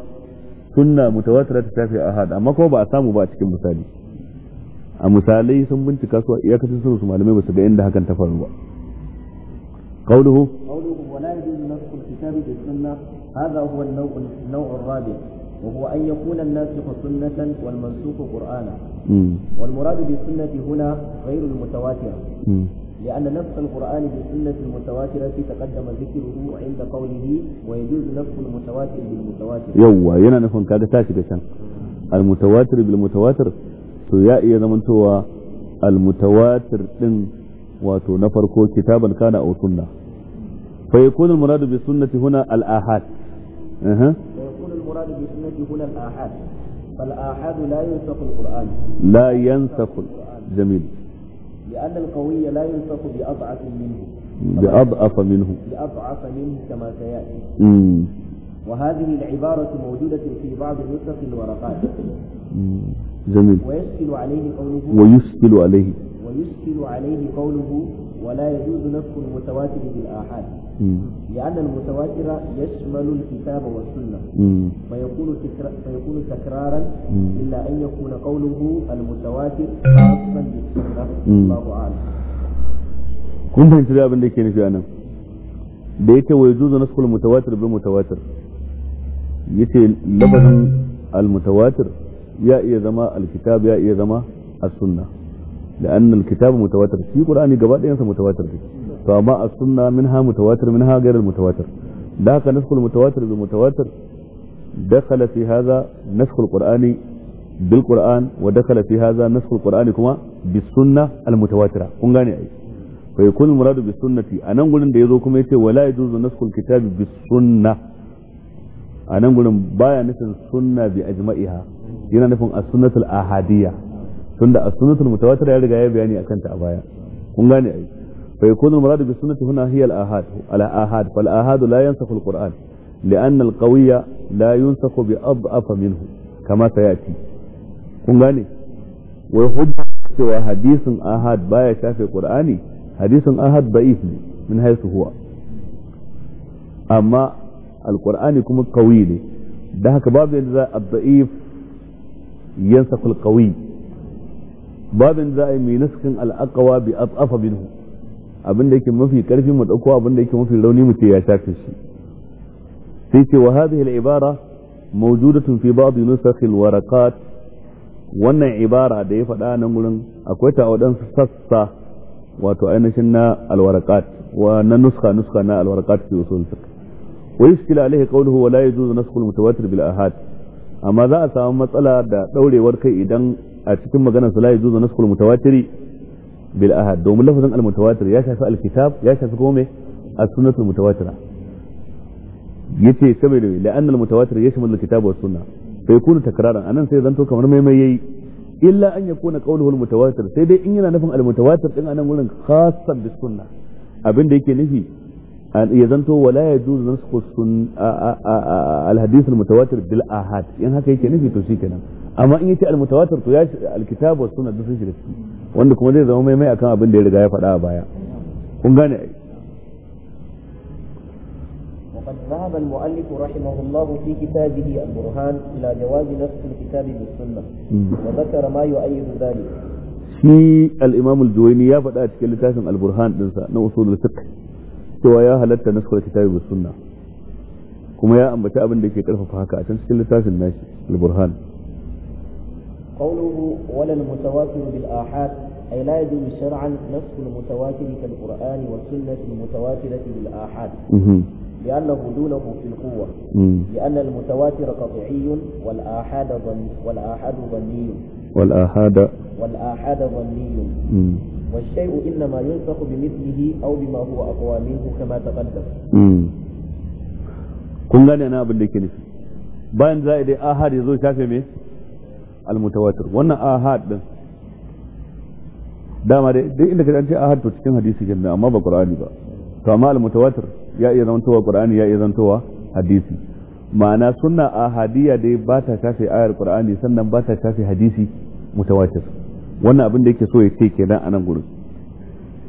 A: suna mutawatira ta a hada amma kuma ba a samu ba a cikin misali a misali sun bincika su iyakacin sun su malamai ba su ga inda hakan ta faru ba قوله
B: قوله ولا يجوز نسخ الكتاب بالسنة هذا هو النوع النوع الرابع وهو أن يكون الناسخ سنة والمنسوخ قرآنا والمراد بالسنة هنا غير المتواترة لأن نسخ القرآن بالسنة المتواترة تقدم ذكره عند قوله ويجوز نسخ المتواتر بالمتواتر يوا ينا
A: نكون كذا تاكد المتواتر بالمتواتر تو يا إيه زمن المتواتر din wato na farko kitaban kana aw sunna fa yakunu al muradu bi sunnati huna al ahad aha
B: fa yakunu al muradu bi sunnati huna al ahad fal ahad la yansakh al qur'an
A: la yansakh jamil
B: لأن القوي لا ينسخ بأضعف منه بأضعف منه بأضعف منه كما سيأتي وهذه العبارة موجودة في بعض نسخ الورقات جميل ويشكل عليه قوله ويشكل عليه يشكل عليه قوله ولا يجوز نفس المتواتر بالآحاد لأن المتواتر يشمل الكتاب والسنة فيكون, فيكون تكرارا إلا أن يكون قوله المتواتر خاصا بالسنة الله أعلم
A: كنت أنت جاء بندي كيني في أنا بيك ويجوز نسخ المتواتر بالمتواتر يتي لبن المتواتر يا إيه زما الكتاب يا إيه زما السنة لأن الكتاب متواتر في قرآن جبال ينسى متواتر فيه فما السنة منها متواتر منها غير المتواتر ذاك نسخ المتواتر بالمتواتر دخل في هذا نسخ القرآن بالقرآن ودخل في هذا نسخ القرآن كما بالسنة المتواترة كون غاني أي فيكون المراد بالسنة أنا نقول أن يزوكم kuma yace wala yajuzu naskhul kitab bis sunna anan gurin baya nufin sunna bi ajma'iha yana tunda as-sunnatul mutawatir ya riga ya bayani akan ta a baya kun gane ai fa yakunu al-murad bi sunnati huna hiya al-ahad al-ahad fal ahad la yansakhu al-quran لأن القوي لا ينسخ بأضعف منه كما سيأتي kun gane wai hujja cewa hadisin ahad baya shafe qur'ani hadisin ahad da'if ne min haisu huwa amma alqur'ani kuma kawi ne da haka babu yadda za a da'if yansa kul babin za a yi mai naskin al'aqawa bi atsafa minhu abin da yake mafi karfi mu dauko abin da yake mafi rauni mu ce ya shafe shi sai ce wa hadhihi al-ibara mawjudatun fi ba'd nusakh al-waraqat wannan ibara da ya faɗa nan gurin akwai ta waɗansu sassa wato ainihin na al-waraqat wa na nuska nuska na al-waraqat fi usul fiqh wa yushkilu alaihi qawluhu wa la yajuzu al mutawatir bil ahad amma za a samu matsala da daurewar kai idan a cikin maganar sa la yajuzu nasxul mutawatiri bil ahad domin lafazin al mutawatir ya shafi al kitab ya shafi kuma me sunnatul mutawatira yace saboda la anna al mutawatir yashmul al kitab was sunna fa yakunu takraran anan sai zanto kamar mai mai yayi illa an yakuna qawluhu al mutawatir sai dai in yana nufin al mutawatir din anan gurin khassan bis sunna abinda da yake nufi ya zanto wala ya juzu nasxu al hadith al mutawatir bil ahad in haka yake nufi to shikenan amma in yace al-mutawatir to ya al-kitab was sunna duk sun shiga ciki wanda kuma zai zama mai mai akan abin da ya riga ya faɗa a baya kun gane ai
B: وقد ذهب المؤلف رحمه الله في كتابه البرهان إلى جواز نص الكتاب بالسنة وذكر ما يؤيد ذلك
A: shi al-imam al-juwayni ya faɗa a cikin littafin al-burhan dinsa na usul fiqh cewa ya halatta naskar kitabi bis sunna kuma ya ambaci abin da ke karfafa haka a can cikin littafin nashi al-burhan
B: قوله ولا المتواتر بالآحاد أي لا يجوز شرعا نصف المتواتر كالقرآن والسنة المتواترة بالآحاد لأنه دونه في القوة لأن المتواتر قطعي والآحاد ظني والآحاد ظني
A: والآحاد
B: والآحاد ظني والشيء إنما ينسخ بمثله أو بما هو أقوى منه كما تقدم
A: قلنا لنا بالكنيسة abin زائد ke nufi bayan za almutawatir wannan ahad din dama dai duk inda kaje an ce ahad to cikin hadisi kenan amma ba qur'ani ba to amma almutawatir ya iya zantowa qur'ani ya iya zantowa hadisi ma'ana sunna ahadiyya dai ba ta kafe ayar qur'ani sannan ba ta kafe hadisi mutawatir wannan abin da yake so ya ce kenan a nan gurin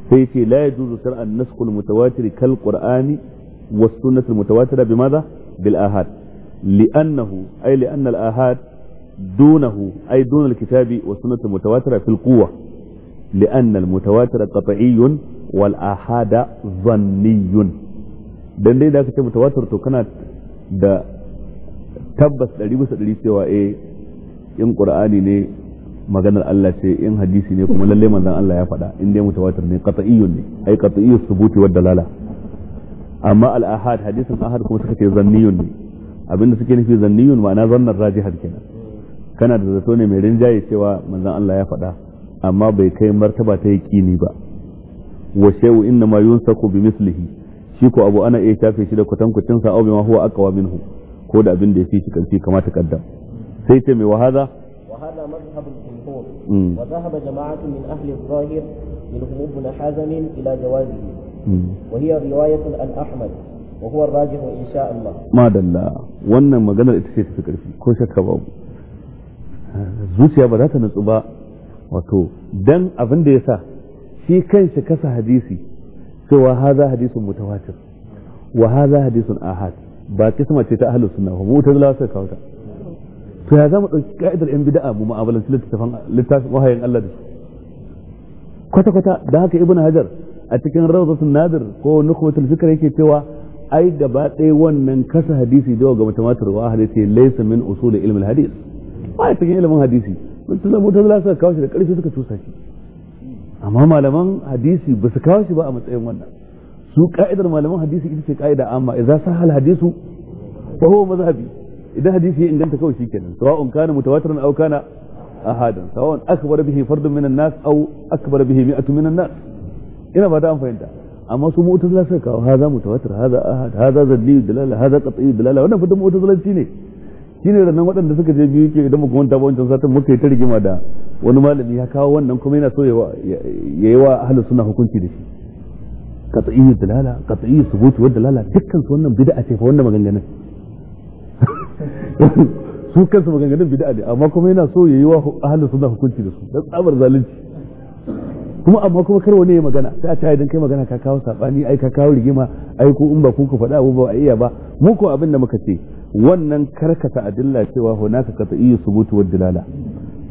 A: sai ce la yajuzu shar'an nasqul mutawatir kal qur'ani was sunnatul mutawatira bimaza bil ahad li'annahu ay li'anna al ahad دونه أي دون الكتاب والسنة المتواترة في القوة لأن المتواتر قطعي والآحاد ظني dan dai da aka ce mutawatir to kana da tabbas ɗari bisa ɗari cewa eh in qur'ani ne maganar Allah ce in hadisi ne kuma lalle manzon Allah ya faɗa in dai mutawatir ne qat'iyyun ne ai qat'iyyus subuti wad dalala amma al ahad hadisin ahad kuma suka ce zanniyun ne abinda suke nufi zanniyun ma'ana zannar rajihar kenan kana da zato ne mai rinjaye cewa manzon Allah ya faɗa amma bai kai martaba ta yaqini ba wa shay'u inna ma yunsaku bi mislihi shi ko abu ana iya shafe shi da kwatankwacin sa aw bima huwa aqwa minhu ko da abin da yafi shi kanci kamata kaddam sai ce mai wahaza
B: وهذا مذهب الجمهور وذهب جماعة من أهل الظاهر منهم ابن حزم إلى جوازه وهي رواية عن أحمد وهو الراجح إن شاء الله
A: ما دل wannan maganar ita ce ta fi karfi ko zuciya ba za ta nutsu ba wato dan abin da ya sa shi kanshi kasa hadisi cewa haza hadisun mutawatir wa haza hadisun ahad ba sama ce ta ahlus sunna ba mu ta zalawa sai kawta to ya zama dauki ka'idar yan bid'a mu mu'amalanci littafin littafin wahayin Allah da kwata kwata da haka ibnu hajar a cikin rawdatun nadir ko nukhbatul fikr yake cewa ai gaba ɗaya wannan kasa hadisi da ga mutawatir wa hadisi laysa min usul ilmi al hadith ma'aikacin ilimin hadisi mun mutum da suka kawo shi da ƙarfi suka tusa shi amma malaman hadisi ba su kawo shi ba a matsayin wannan su ka'idar malaman hadisi ita ce ka'ida amma idza sahal hadisu fa huwa mazhabi idan hadisi ya inganta kawai shikenan sawa'un kana mutawatiran aw kana ahadan sawa'un akbar bihi fardun minan nas aw akbar bihi mi'atu minan nas ina ba da an fahimta amma su mu'tazila suka kawo haza mutawatir haza ahad haza zalli dalala haza qat'i dalala wannan fitan mu'tazilanci ne ne ranan waɗanda suka je biyu ke idan muka manta ba wancan satin muka yi ta rigima da wani malami ya kawo wannan kuma yana so ya yi wa ahlus suna hukunci da shi iya dalala qat'iyyu thubuti wa dalala dukkan su wannan bid'a ce fa wannan maganganun (laughs) su kansu maganganun bid'a ne amma kuma yana so ya yi wa ahlus suna hukunci da su don tsabar zalunci kuma amma kuma kar wani ya magana sai a ce idan kai magana ka kawo sabani ai ka kawo rigima ai ko in ba ku ku faɗa abubuwa a iya ba mu ko abin da muka ce wannan karkata adilla cewa hunaka qat'iyyu subutu wa dilala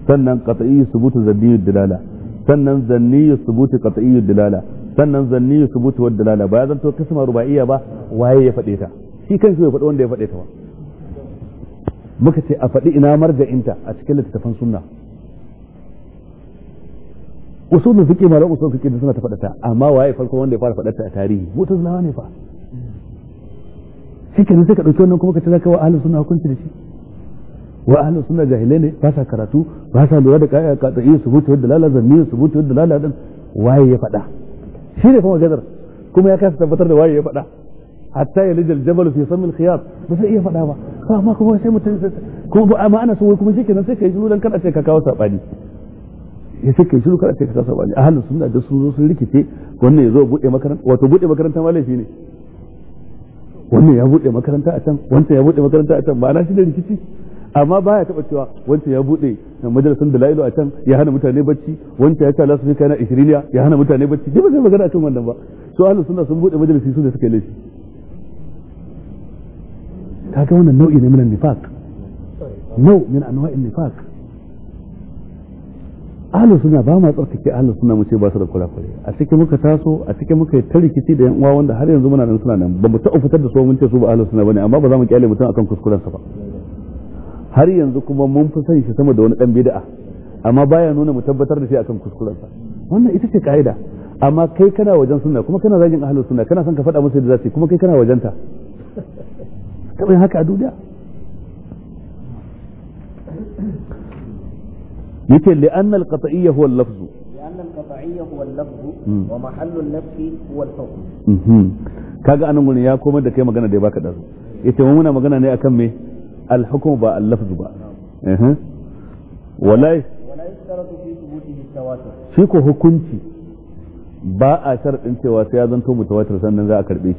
A: sannan qat'iyyu subut zanniyu dilala sannan zanniyu subut qat'iyyu dilala sannan zanniyu subut wa dilala ba zan to kasma ruba'iyya ba waye ya fade ta shi kanshi bai faɗi wanda ya fade ta ba muka ce a fadi ina marja'inta a cikin littattafan sunna usulun fiqh malaman usulun fiqh suna ta faɗa ta amma waye farko wanda ya fara faɗa ta a tarihi mutazilawa ne fa shike ne sai ka dauki wannan kuma ka talaka wa ahlus sunna hukunci da shi wa ahlus sunna jahilai ne ba sa karatu ba sa lura da kaya ka tsaye su mutu da lalazan ne su mutu da lalazan waye ya fada shi ne fa maganar kuma ya kasa tabbatar da waye ya fada hatta ya lijal jabal fi samil khiyar ba sai iya fada ba to amma kuma sai mutum kuma ba amma ana so kuma shikenan sai kai shiru dan kada sai ka kawo sabani ya sai kai shiru kada sai ka kawo sabani ahlus sunna da sun zo sun rikice wannan ya zo bude makaranta wato bude makaranta ma laifi ne wannan ya bude makaranta a can wancan ya bude makaranta a can ba na shi da rikici amma baya taba cewa wancan ya bude majalisar da la'ilu a can ya hana mutane bacci wancan ya ce lasu kai na ishiriniya ya hana mutane bacci jima sai magana kan wannan ba su ahlus suna sun bude majalisi su da suka laifi kaga wannan nau'i ne minan nifaq nau min anwa'in nifaq ahlus suna ba ma tsarkake ahlus suna mu ce ba su da kurakure a cikin muka taso a cikin muka ta rikici da yan uwa wanda har yanzu muna nan suna nan ba mu taɓa fitar da su mun ce su ba ahlus suna bane amma ba za mu kyale mutum akan kuskuren sa ba har yanzu kuma mun fi san shi sama da wani dan bid'a amma baya nuna mu tabbatar da shi akan kuskuren sa wannan ita ce kaida amma kai kana wajen sunna kuma kana zagin ahlus sunna kana son ka faɗa musu da zasu kuma kai kana wajen ta kamar haka a duniya yace li'an al-qat'iyya huwa al-lafz
B: li'an al-qat'iyya huwa al-lafz wa mahallu al-nafi huwa al-hukm
A: kaga anan gurin ya komar da kai magana da ya baka dazu yace mu muna magana ne akan me al-hukm ba al-lafz ba eh wala wala
C: yashtaratu fi thubutihi tawatur
A: shi ko hukunci ba a sharadin cewa sai ya zanto mutawatir sannan za a karbe shi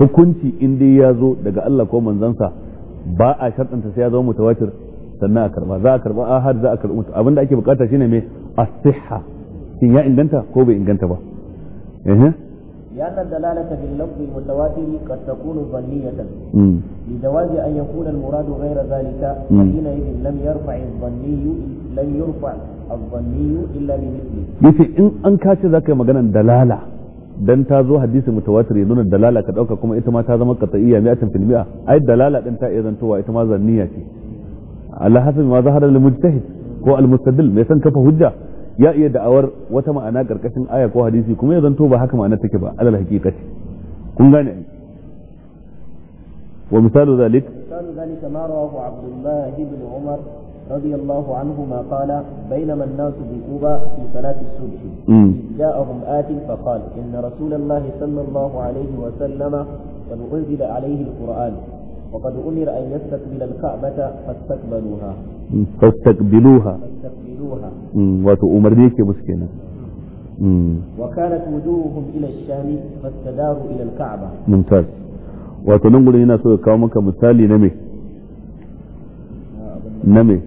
A: hukunci in dai ya zo daga Allah ko manzansa ba a sharɗanta sai ya zama mutawatir sannan a karba za a karba ahad za a karba mutu abinda ake bukata shine mai as shin ya inganta ko bai inganta ba eh
B: ya dalalata bil lafzi mutawatir takunu لأن الدلالة باللفظ المتواتر قد تكون ظنية لجواز أن يكون المراد غير ذلك فحينئذ لم يرفع الظني لم يرفع الظني إلا بمثله.
A: يفي إن أنكاش ذاك مجانا dalala dan ta zo hadisi mutawatir yana dalala ka dauka kuma ita ma ta zama qat'iyya 100% ai dalala din ta iya zantowa ita ma zanniya ce على حسب ما ظهر للمجتهد هو المستدل ما يسن كفه هجة يا إيا دعوار وتما أنا قرقشن آية كو حديثي كم يظن توبة حكم أنا تكبا على الحقيقة كن غاني ومثال ذلك
B: مثال ذلك ما رواه عبد الله بن عمر رضي الله عنهما قال بينما الناس في كوبا في صلاة الصبح جاءهم آت فقال إن رسول الله صلى الله عليه وسلم قد أنزل عليه القرآن وقد أمر أن يستقبل الكعبة فاستقبلوها
A: فاستقبلوها فاستقبلوها وتؤمر ليك مسكينة
B: وكانت وجوههم إلى الشام فاستداروا إلى الكعبة
A: ممتاز وتنقل هنا سوى كومك مثالي نمي نمي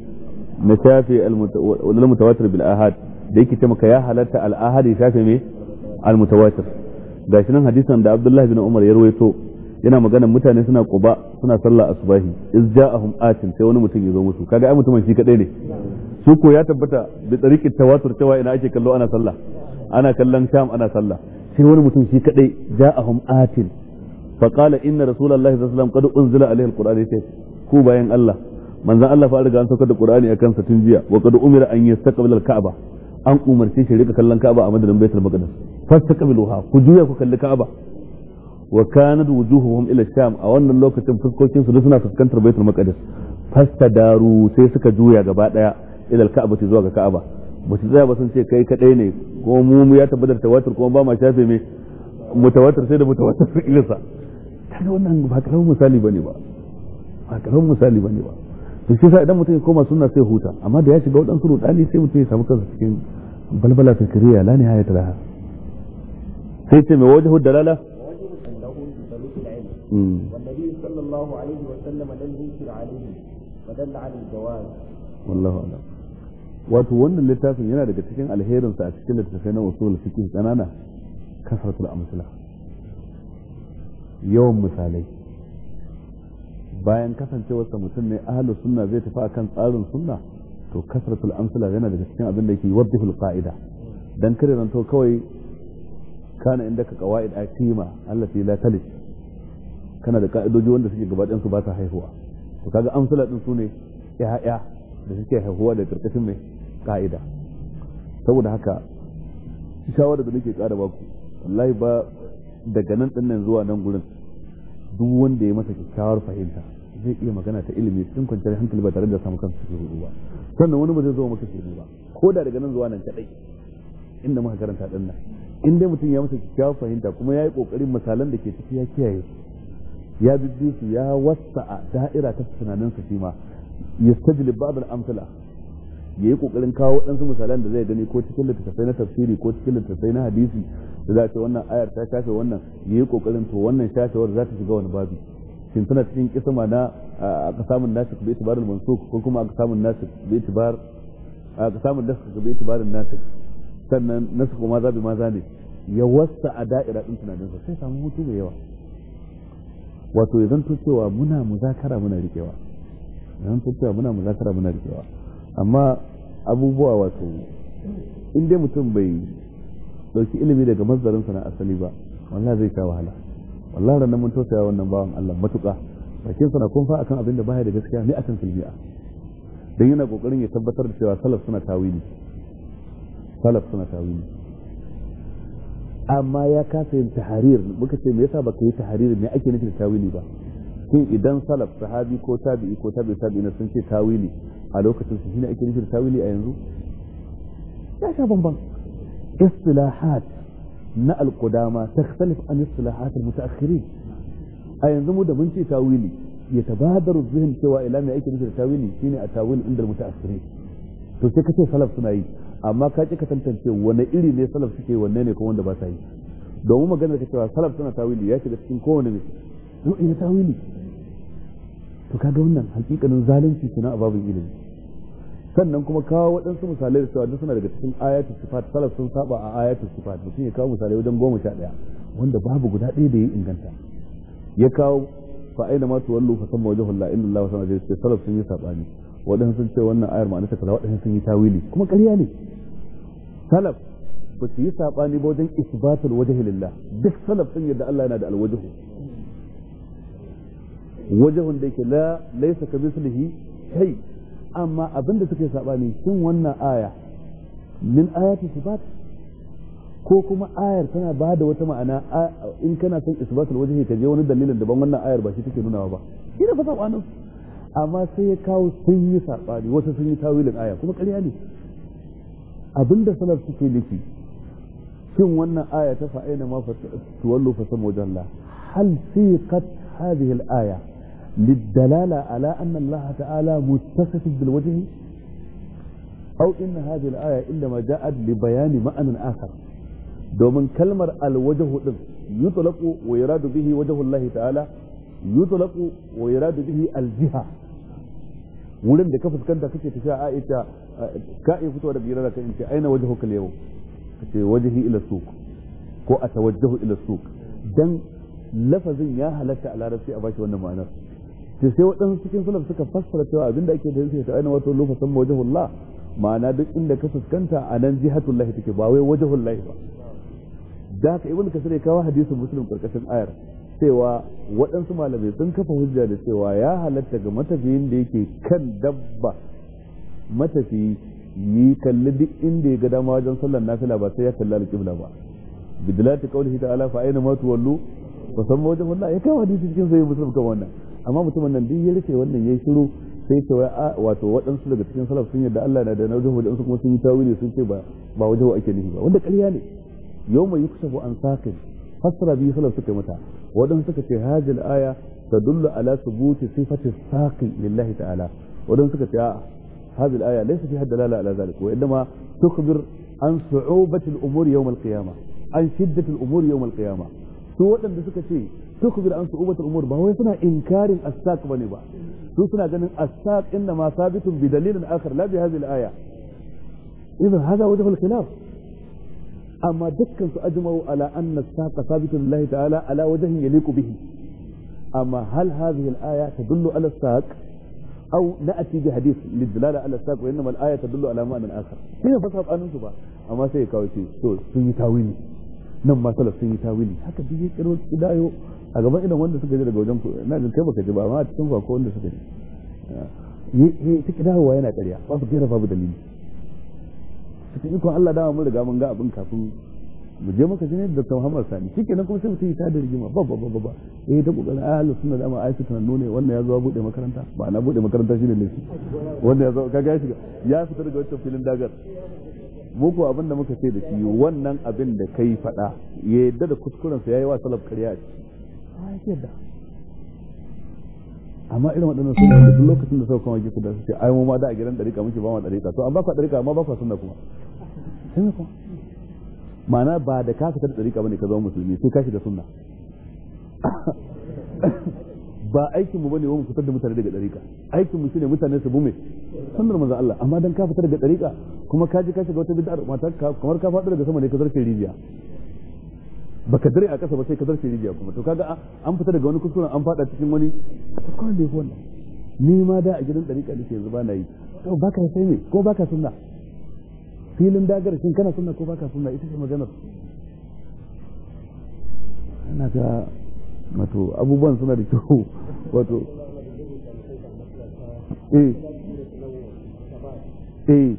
A: نشافي المت... المتواتر بالآهاد da yake taimaka ya halatta al'ahad ya shafe me al-mutawatir gashi nan hadisan da Abdullahi bin Umar ya rawaito yana magana mutane suna quba suna sallah asbahi iz ja'ahum atin sai wani mutum ya zo musu kaga ai mutumin shi kadai ne su ko ya tabbata bi tsarikin tawatur cewa ina ake kallo ana sallah ana kallon sham ana sallah sai wani mutum shi kadai ja'ahum atin fa qala inna rasulullahi sallallahu alaihi wasallam qad unzila alaihi alqur'ani sai ku bayan Allah manzon Allah fa riga an saukar da qur'ani akan sa tun jiya wa qad umira an yastaqbila alka'ba an umarce shi rika kallon ka'aba a madadin baitul maqdis fastaqbiluha ku juya ku kalli ka'aba wa kanat wujuhuhum ila sham a wannan lokacin fuskokin su suna fuskantar baitul maqdis fastadaru sai suka juya gaba daya ila alka'bati zuwa ga ka'aba ba su tsaya ba sun ce kai kadai ne ko mu ya tabbatar tawatur kuma ba ma shafe me mutawatir sai da mutawatir (laughs) ilisa kaga wannan ba karamin misali bane ba ba karamin misali bane ba to shi yasa idan mutum ya koma sunna sai huta amma da ya shiga wadansu rudani sai mutum ya samu kansa cikin balbala fikriya la nihayata laha sai ce me wajhu dalala Mm.
B: والنبي صلى الله عليه وسلم لم ينكر عليه فدل على الجواز
A: والله اعلم wato wannan littafin yana daga cikin alherinsa a cikin littafai na wasu fiqh kanana kasratul amsala yawan misalai bayan kasancewarsa mutum ne ahlus sunna zai tafi akan tsarin sunna to kasratul amsala yana daga cikin abin da yake yuwaddihul qa'ida dan kare to kawai kana indaka qawaid aqima allati la talij kana da ka'idoji wanda suke gaba ɗansu ba sa haihuwa to kaga amsala ɗin su ne ya'ya da suke haihuwa da karkashin mai ka'ida saboda haka shawarar da nake ƙara baku wallahi ba daga nan ɗin nan zuwa nan gurin duk wanda ya masa kyakkyawar fahimta zai iya magana ta ilimi cikin kwanciyar hankali ba tare da samu kansa cikin rudu ba sannan wani ba zai zo masa shiru ba ko da daga nan zuwa nan kadai inda muka karanta ɗin nan in dai mutum ya masa kyakkyawar fahimta kuma ya yi ƙoƙarin misalan da ke ciki ya kiyaye ya bibbi su ya wasa'a da'ira ta tunanin su ma ya ba'd al-amsala yayi kokarin kawo waɗansu misalan da zai gani ko cikin littattafai na tafsiri ko cikin littattafai na hadisi da za ta wannan ayar ta shafe wannan yayi kokarin to wannan shafewar za ta shiga wani babi shin tana cikin kisma na aka samun nasu bi itibarul mansuk ko kuma aka samun nasik bi itibar aka samun nasu bi itibarul nasu sannan kuma ma zabi ma zane ya wasa a da'ira din tunaninsa sai samu mutu mai yawa wato ya zanto cewa muna muzakara muna rikewa zan cewa muna muzakara muna rikewa amma abubuwa wato in dai mutum bai dauki ilimi daga mazdarinsa na asali ba wallahi zai sha wahala wallahi ranar mun tausaya wannan bawan Allah matuƙa bakin sana kun fa akan abin da baya da gaskiya ne akan filmi'a dan yana kokarin ya tabbatar da cewa salaf suna tawili salaf suna tawili amma ya kasa yin tahrir muka ce me yasa baka yi tahrir me ake nufi da tawili ba shin idan salaf sahabi ko tabi'i ko tabi'i tabi'i sun ce tawili a lokacin su shine ake nufi da tawili a yanzu ya sha bamban istilahat na alqudama takhtalif an istilahat almutaakhirin a yanzu mu da mun ce tawili ya tabadaru zuhin cewa ila me ake nufi da tawili shine a tawil inda almutaakhirin to sai kace salaf suna yi amma ka ki ka tantance wani iri ne salaf suke wanne ne ko wanda ba sa yi domin magana ka cewa salaf suna tawili ya shiga cikin kowane ne to ina tawili to kaga wannan hakikanin zalunci kenan a babin ilimi sannan kuma kawo waɗansu misalai da cewa duk suna daga cikin ayatul sifat salaf sun saba a ayatul sifat mutum ya kawo misalai wajen goma sha ɗaya wanda babu guda ɗaya da ya inganta ya kawo fa aina ma tuwallu fa samma wajhu Allah inna Allah wa sallallahu alaihi wasallam salaf sun yi sabani waɗansu sun ce wannan ayar ma'anarta kaza waɗansu sun yi tawili kuma ƙarya ne salaf ba su yi saɓani ba wajen isbatul wajhi lillah duk salaf sun yadda Allah yana da alwajhu wajhun da yake la laysa ka mislihi kai amma abinda suke saɓani sun wannan aya min ayati sifat ko kuma ayar tana ba da wata ma'ana in kana son isbatul wajhi ka je wani dalilin daban wannan ayar ba shi take nunawa ba shi ne fa amma sai ya kawo sun yi saɓani wasu sun yi tawilin aya kuma ƙarya ne abinda salaf suke nufi shin wannan aya ta fa'ina ma tuwallu fa samu jalla hal siqat hadhihi al-aya للدلالة على أن الله تعالى متصف بالوجه أو إن هذه الآية إنما جاءت لبيان معنى آخر دومن كلمة الوجه يطلق ويراد به وجه الله تعالى yutlaqu wa yuradu bihi al-jiha wurin da ka fuskanta kake tafiya a ita ka iya fitowa da biyar ka in ce aina wajhuka al-yawm kace wajhi ila suq ko atawajjahu ila suq dan lafazin ya halatta a a bashi wannan ma'anar sai sai waɗansu cikin salaf suka fassara cewa abinda ake da yake aina wato lufa san wajhullah ma'ana duk inda ka fuskanta a nan jihatullahi take ba wai wajhullahi ba da haka ibn ya kawo hadisin muslim karkashin ayar cewa waɗansu malamai sun kafa hujja da cewa ya halatta ga matafiyin da yake kan dabba matafiyi yi kalli duk inda ya ga dama wajen sallar nafila ba sai ya kalli alƙibla ba bidlati qawlihi ta'ala fa aina ma tuwallu fa samma wajen wallahi ya kawo hadisi cikin sai musulmi kan wannan amma mutumin nan duk ya rufe wannan yayi shiru sai ce wato waɗansu daga cikin salaf sun yadda Allah na da wajen waɗansu kuma sun yi tawili sun ce ba ba wajen ake nufi ba wanda ƙarya ne yau mai yi yukshafu an sakin fassara biyu salaf suka mata waɗansu suka ce hadhihi al-aya tadullu ala thubuti sifati saqi lillahi ta'ala waɗansu suka ce a hadhihi al-aya laysa fiha dalala ala zalik wa innama tukhbir an su'ubati al-umur yawm al-qiyamah an shiddati al-umur yawm al-qiyamah su waɗanda suka ce tukhbir an su'ubati al-umur ba wai suna inkarin as-saq bane ba su suna ganin as-saq inna ma sabitun bi dalilin akhar la bi hadhihi al-aya idan hada wajhu al-khilaf amma dukkan su ajma'u ala anna saqa sabitun lillahi ta'ala ala wajhin yaliqu bihi amma hal hadhihi al-aya tadullu ala saq أو نأتي بحديث للدلالة على الساق وإنما الآية تدل على معنى آخر هنا فصل أن نسبة أما سي كاوشي سو سن تاويلي nan ma salaf sun yi tawili haka duk ya kiro idayo a gaban idan wanda suka je daga wajen ku na jin kai baka ji ba amma a cikin ko wanda suka ji yi ta kidawa yana ƙarya ba su kera babu dalili cikin ikon Allah dama mun riga mun ga abin kafin mu je muka jini da Muhammad Sani kenan kuma sai mutum ya da rigima ba ba ba ba eh ta kokarin ah, ahlus sunna da ma aisha tana nune wannan ya zo bude makaranta ba na bude makaranta shine ne shi wannan ya zo kaga ya shiga ya fita daga wancan filin dagar mu ko abin da muka ce da shi wannan abin da kai faɗa ya yadda da kuskuren sa yayi wa salaf ƙarya a ciki amma irin waɗannan suna da duk lokacin da sauka wajen gisu su ce ai mu ma da a gidan ɗarika muke ba mu ɗarika to an ba ku ɗarika amma ba ku sunna kuma sunna kuma ma'ana ba da ka fita da ɗarika bane ka zama musulmi sai ka da sunna (coughs) ba aikin mu bane wani fitar da mutane daga ɗarika aikin mu shine mutane su bume sunnar manzo Allah amma dan ka fitar daga ɗarika kuma ka ji ka shiga wata bid'a mata kamar ka faɗa daga sama ne ka zarce rijiya baka dare a kasa ba sai ka zarce rijiya kuma to kaga an fita daga wani kuskuren an fada cikin wani kuskuren da ya wannan ni ma da a gidan dariƙa nake yanzu ba na yi to baka sai me ko baka sunna filin dagar shin kana sunna ko baka sunna ita ce maganar ana ga wato abubuwan suna da kyau (laughs) wato
C: eh eh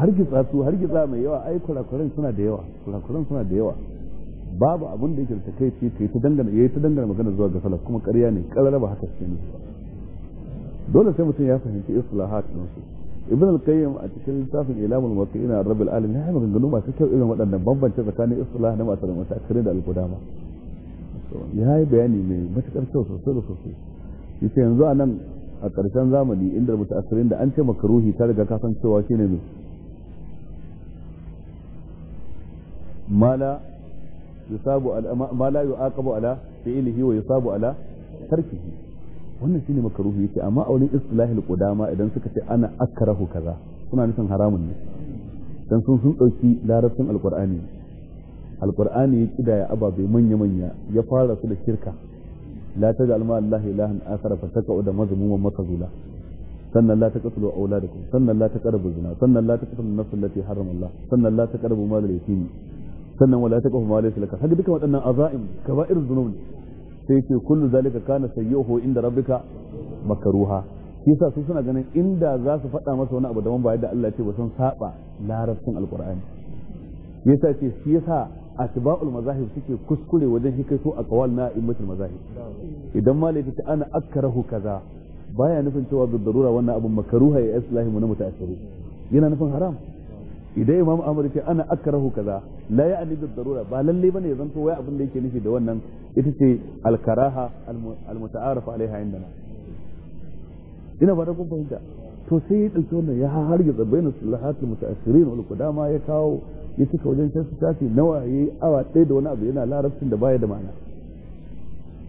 A: hargitsa su hargitsa mai yawa ai kurakuran suna da yawa kurakuran suna da yawa babu abin da yake da takaici kai ta dangana yayi ta dangana magana zuwa ga salaf kuma ƙarya ne ƙararraba haka ce ne dole sai mutum ya fahimci islahat din su ibn al-qayyim a cikin littafin ilamul muwaqqi'in ar-rabb al-alamin ya maganganu masu kyau irin waɗannan bambance tsakanin islah da masu masu kare da al-qudama ya yi bayani mai matukar kyau sosai da sosai yace yanzu a nan a ƙarshen zamani inda mutu asirin da an ce makaruhi ta riga kasancewa shine mai ma la yusabu ala ma la yuaqabu ala fi'lihi wa yusabu ala tarkihi wannan shine makruhi yake amma a wurin istilahil qudama idan suka ce ana akrahu kaza suna nufin haramun ne dan sun sun dauki larabcin alqur'ani alqur'ani ya kidaya ababe manya manya ya fara su da shirka la ta ma allahi ilahan akhar fa da mazmuman makazula sannan la taqtulu auladakum sannan la taqrabu zina sannan la taqtulu nafs allati harrama allah sannan la taqrabu mal al yatim sannan wala ta ma malai laka haka duka waɗannan azaim kaba'ir zunub ne sai ce kullu zalika kana sayyuhu inda rabbika makruha shi yasa su suna ganin inda za su faɗa masa wani abu daban ba yadda Allah ce ba san saba larabcin alqur'ani yasa ce shi yasa atba'ul mazahib suke kuskure wajen hikai so a kawal na immatul mazahib idan malai ta ana akrahu kaza baya nufin cewa bi darura wannan abun makruha ya islahi mu na mutaassiri yana nufin haram idan imam amr ce ana akrahu kaza la ani bi darura ba lalle bane ya zanto wai abin da yake nufi da wannan ita ce al karaha al muta'arif alaiha indana ina ba da kun fahimta to sai ya dauki wannan ya harge tsabaina sulahat al wal qudama ya kawo ya cika wajen sai tafi nawa yayi awa ɗaya da wani abu yana larabcin da baya da ma'ana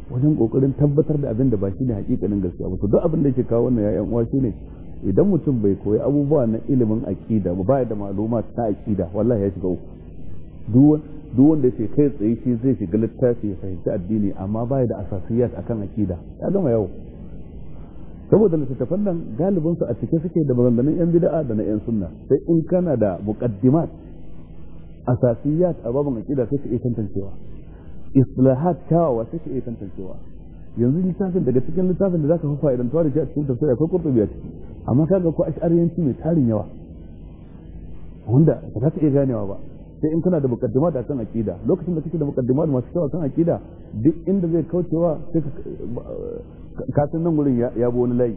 A: wajen kokarin tabbatar da abin da ba shi ne hakikanin gaskiya ba to duk abin da yake kawo wannan ya'yan uwa shine idan mutum bai koyi abubuwa na ilimin akida ba bai da maluma ta akida wallahi ya shiga uku duk wanda yake kai tsaye shi zai shiga littafi ya fahimci addini amma bai da asasiyat akan akida ya gama yau saboda littattafan nan galibin su a cike suke da maganganun yan bid'a da na yan sunna sai in kana da muqaddimat asasiyat a babin akida sai ka iya tantancewa islahat kawawa sai ka iya tantancewa yanzu littafin daga cikin littafin da zaka fafa idan tawari a cikin tafsiri akwai qurtubi a ciki amma kaga ko ash'ariyanci mai tarin yawa wanda ba za ka iya ganewa ba sai in kana da mukaddima da kan akida lokacin da kake da mukaddima da masu kyau kan akida duk inda zai kaucewa sai ka san nan gurin ya bi wani layi